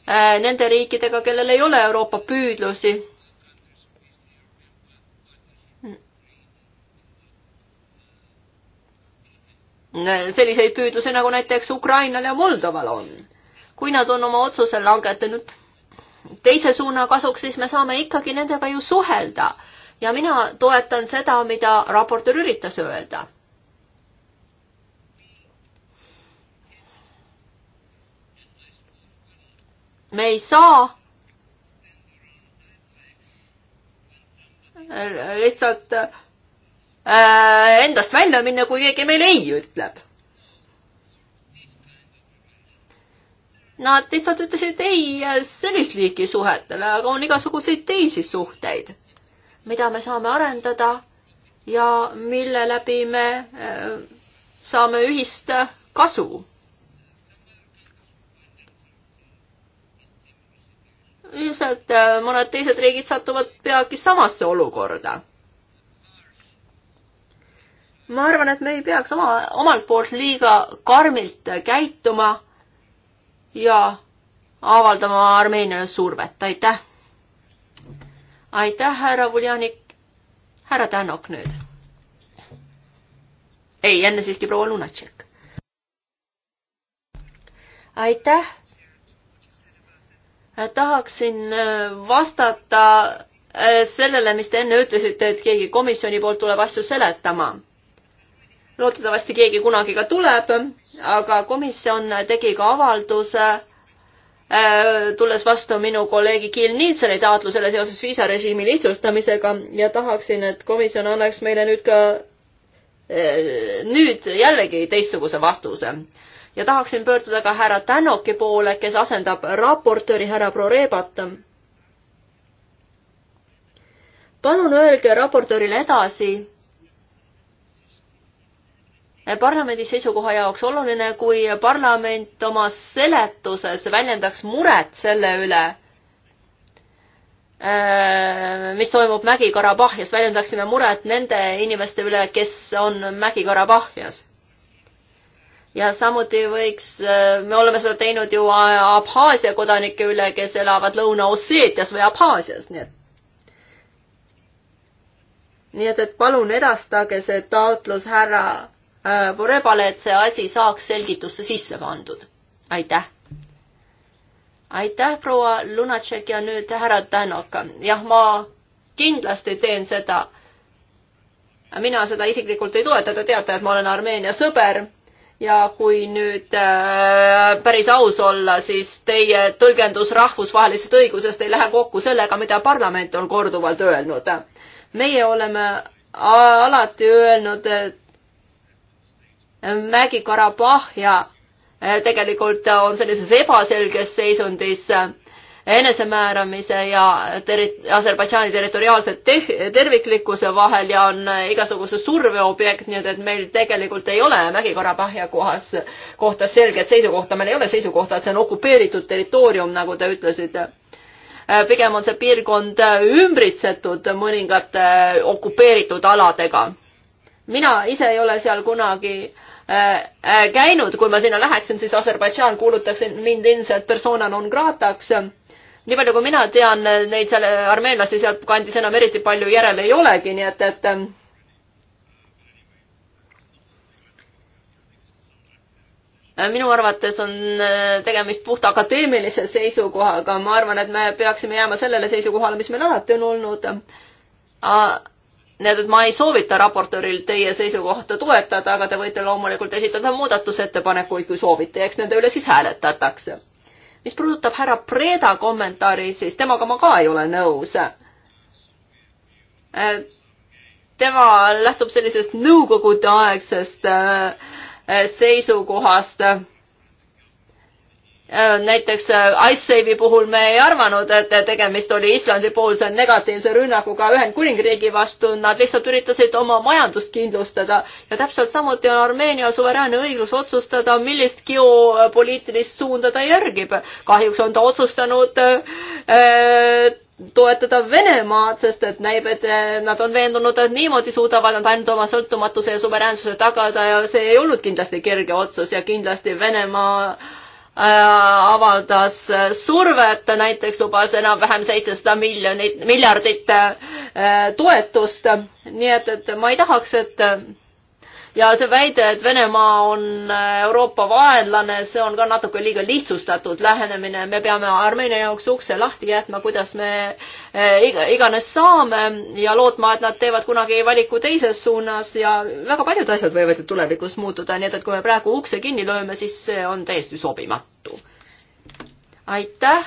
Äh, nende riikidega, kellel ei ole Euroopa püüdlusi. Äh, selliseid püüdlusi, nagu näiteks Ukrainal ja Moldoval on. kui nad on oma otsuse langetanud teise suuna kasuks, siis me saame ikkagi nendega ju suhelda. ja mina toetan seda, mida raportöör üritas öelda. me ei saa lihtsalt äh, endast välja minna, kui keegi meile ei ütleb Nad lihtsalt ütlesid ei sellist liiki suhetele, aga on igasuguseid teisi suhteid, mida me saame arendada ja mille läbi me äh, saame ühist kasu. ilmselt äh, mõned teised riigid satuvad peagi samasse olukorda ma arvan, et me ei peaks oma, omalt poolt liiga karmilt käituma ja avaldama Armeeniale survet, aitäh! aitäh, härra Vuljanik, härra Tänok nüüd. ei, enne siiski proua Lunatšek. aitäh! tahaksin äh, vastata äh, sellele, mis te enne ütlesite, et keegi komisjoni poolt tuleb asju seletama. loodetavasti keegi kunagi ka tuleb aga komisjon tegi ka avalduse, äh, tulles vastu minu kolleegi Kiil Niitseni taotlusele seoses viisarežiimi lihtsustamisega ja tahaksin, et komisjon annaks meile nüüd ka, äh, nüüd jällegi teistsuguse vastuse. ja tahaksin pöörduda ka härra Tänoki poole, kes asendab raportööri härra Prorebat palun öelge raportöörile edasi, parlamendi seisukoha jaoks oluline, kui parlament oma seletuses väljendaks muret selle üle, äh, mis toimub Mägi-Karabahhias, väljendaksime muret nende inimeste üle, kes on Mägi-Karabahhias. ja samuti võiks, äh, me oleme seda teinud ju Abhaasia kodanike üle, kes elavad Lõuna-Osseetias või Abhaasias, nii et nii et, et palun edastage see taotlus härra Porebale, äh, et see asi saaks selgitusse sisse pandud. aitäh! aitäh, proua Lunatšek ja nüüd härra Tänok. jah, ma kindlasti teen seda. mina seda isiklikult ei toeta, te teate, et ma olen Armeenia sõber ja kui nüüd äh, päris aus olla, siis teie tõlgendus rahvusvahelisest õigusest ei lähe kokku sellega, mida parlament on korduvalt öelnud. meie oleme alati öelnud, et Mägi-Karabahhia eh, tegelikult on sellises ebaselges seisundis eh, enesemääramise ja teri-, Aserbaidžaani territoriaalse te-, terviklikkuse vahel ja on eh, igasuguse surve objekt, nii et, et meil tegelikult ei ole Mägi-Karabahhia kohas, kohta selget seisukohta, meil ei ole seisukohta, et see on okupeeritud territoorium, nagu te ütlesite. pigem on see piirkond ümbritsetud mõningate okupeeritud aladega. mina ise ei ole seal kunagi äh, Äh, äh, käinud, kui ma sinna läheksin, siis Aserbaidžaan kuulutaks mind ilmselt persona non grataks. nii palju, kui mina tean, neid seal armeenlasi sealkandis enam eriti palju järele ei olegi, nii et, et ähm, äh, minu arvates on tegemist puht akadeemilise seisukohaga, ma arvan, et me peaksime jääma sellele seisukohale, mis meil alati on olnud nii et ma ei soovita raportööril teie seisukohta toetada, aga te võite loomulikult esitada muudatusettepanekuid, kui soovite, eks nende üle siis hääletatakse. mis puudutab härra Preda kommentaari, siis temaga ma ka ei ole nõus. Äh, tema lähtub sellisest nõukogudeaegsest äh, seisukohast Äh, näiteks äh, Icesave'i puhul me ei arvanud, et tegemist oli Islandi poolse negatiivse rünnakuga Ühendkuningriigi vastu, nad lihtsalt üritasid oma majandust kindlustada ja täpselt samuti on Armeenia suveräänne õigus otsustada, millist geopoliitilist suunda ta järgib. kahjuks on ta otsustanud äh, toetada Venemaad, sest et näib, et äh, nad on veendunud, et niimoodi suudavad nad ainult oma sõltumatuse ja suveräänsuse tagada ja see ei olnud kindlasti kerge otsus ja kindlasti Venemaa Äh, avaldas survet, näiteks lubas enam-vähem seitsesada miljonit, miljardit äh, toetust, nii et, et ma ei tahaks, et ja see väide, et Venemaa on äh, Euroopa vaenlane, see on ka natuke liiga lihtsustatud lähenemine, me peame Armeenia jaoks ukse lahti jätma, kuidas me äh, iga, iganes saame ja lootma, et nad teevad kunagi valiku teises suunas ja väga paljud asjad võivad ju tulevikus muutuda, nii et, et kui me praegu ukse kinni lööme, siis see on täiesti sobimatu. aitäh,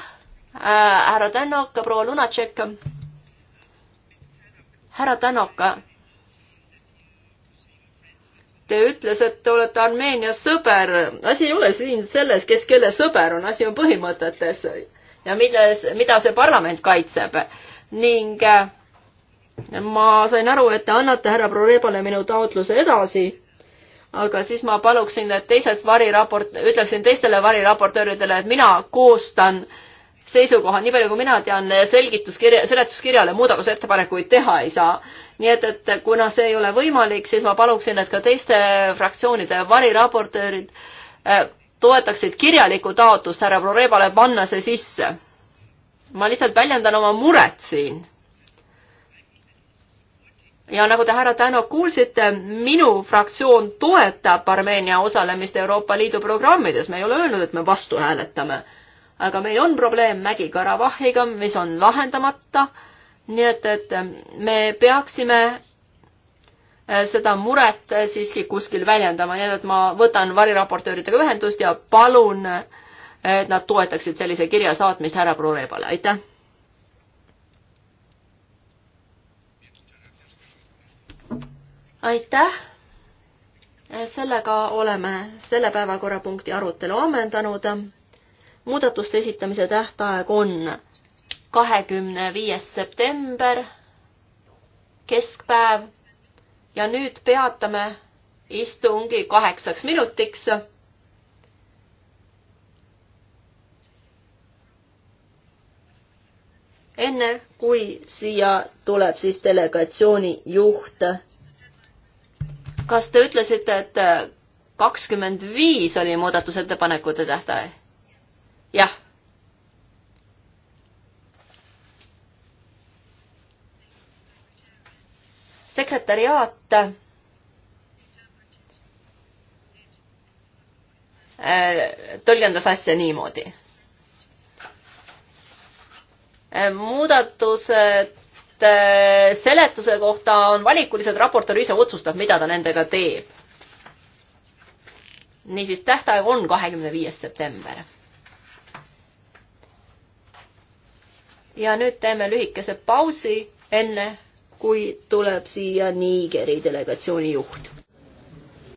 äh, härra Tänak, proua Lunatšek härra Tänaka, Te ütles, et te olete Armeenia sõber. asi ei ole siin selles, kes kelle sõber on, asi on põhimõtetes ja milles, mida see parlament kaitseb. ning äh, ma sain aru, et te annate härra Prorebale minu taotluse edasi aga siis ma paluksin, et teised variraport, ütleksin teistele variraportööridele, et mina koostan äh, seisukoha, nii palju kui mina tean, selgituskirja, seletuskirjale muudatusettepanekuid teha ei saa. nii et, et kuna see ei ole võimalik, siis ma paluksin, et ka teiste fraktsioonide variraportöörid äh, toetaksid kirjalikku taotlust härra Prorebale panna see sisse. ma lihtsalt väljendan oma muret siin. ja nagu te, härra Täno, kuulsite, minu fraktsioon toetab Armeenia osalemist Euroopa Liidu programmides, me ei ole öelnud, et me vastu hääletame aga meil on probleem Mägi-Karabahhiga, mis on lahendamata. nii et, et me peaksime äh, seda muret äh, siiski kuskil väljendama, nii et ma võtan variraportööridega ühendust ja palun, äh, et nad toetaksid sellise kirja saatmist härra Prorebale, aitäh. aitäh. sellega oleme selle päevakorrapunkti arutelu ammendanud muudatuste esitamise tähtaeg on kahekümne viies september, keskpäev ja nüüd peatame istungi kaheksaks minutiks. enne kui siia tuleb siis delegatsiooni juht. kas te ütlesite, et kakskümmend viis oli muudatusettepanekute tähtaeg? jah. sekretäriaat äh, tõlgendas asja niimoodi. Äh, muudatused äh, seletuse kohta on valikulised, raportöör ise otsustab, mida ta nendega teeb. niisiis, tähtaeg on kahekümne viies september ja nüüd teeme lühikese pausi, enne kui tuleb siia Nigeri delegatsiooni juht.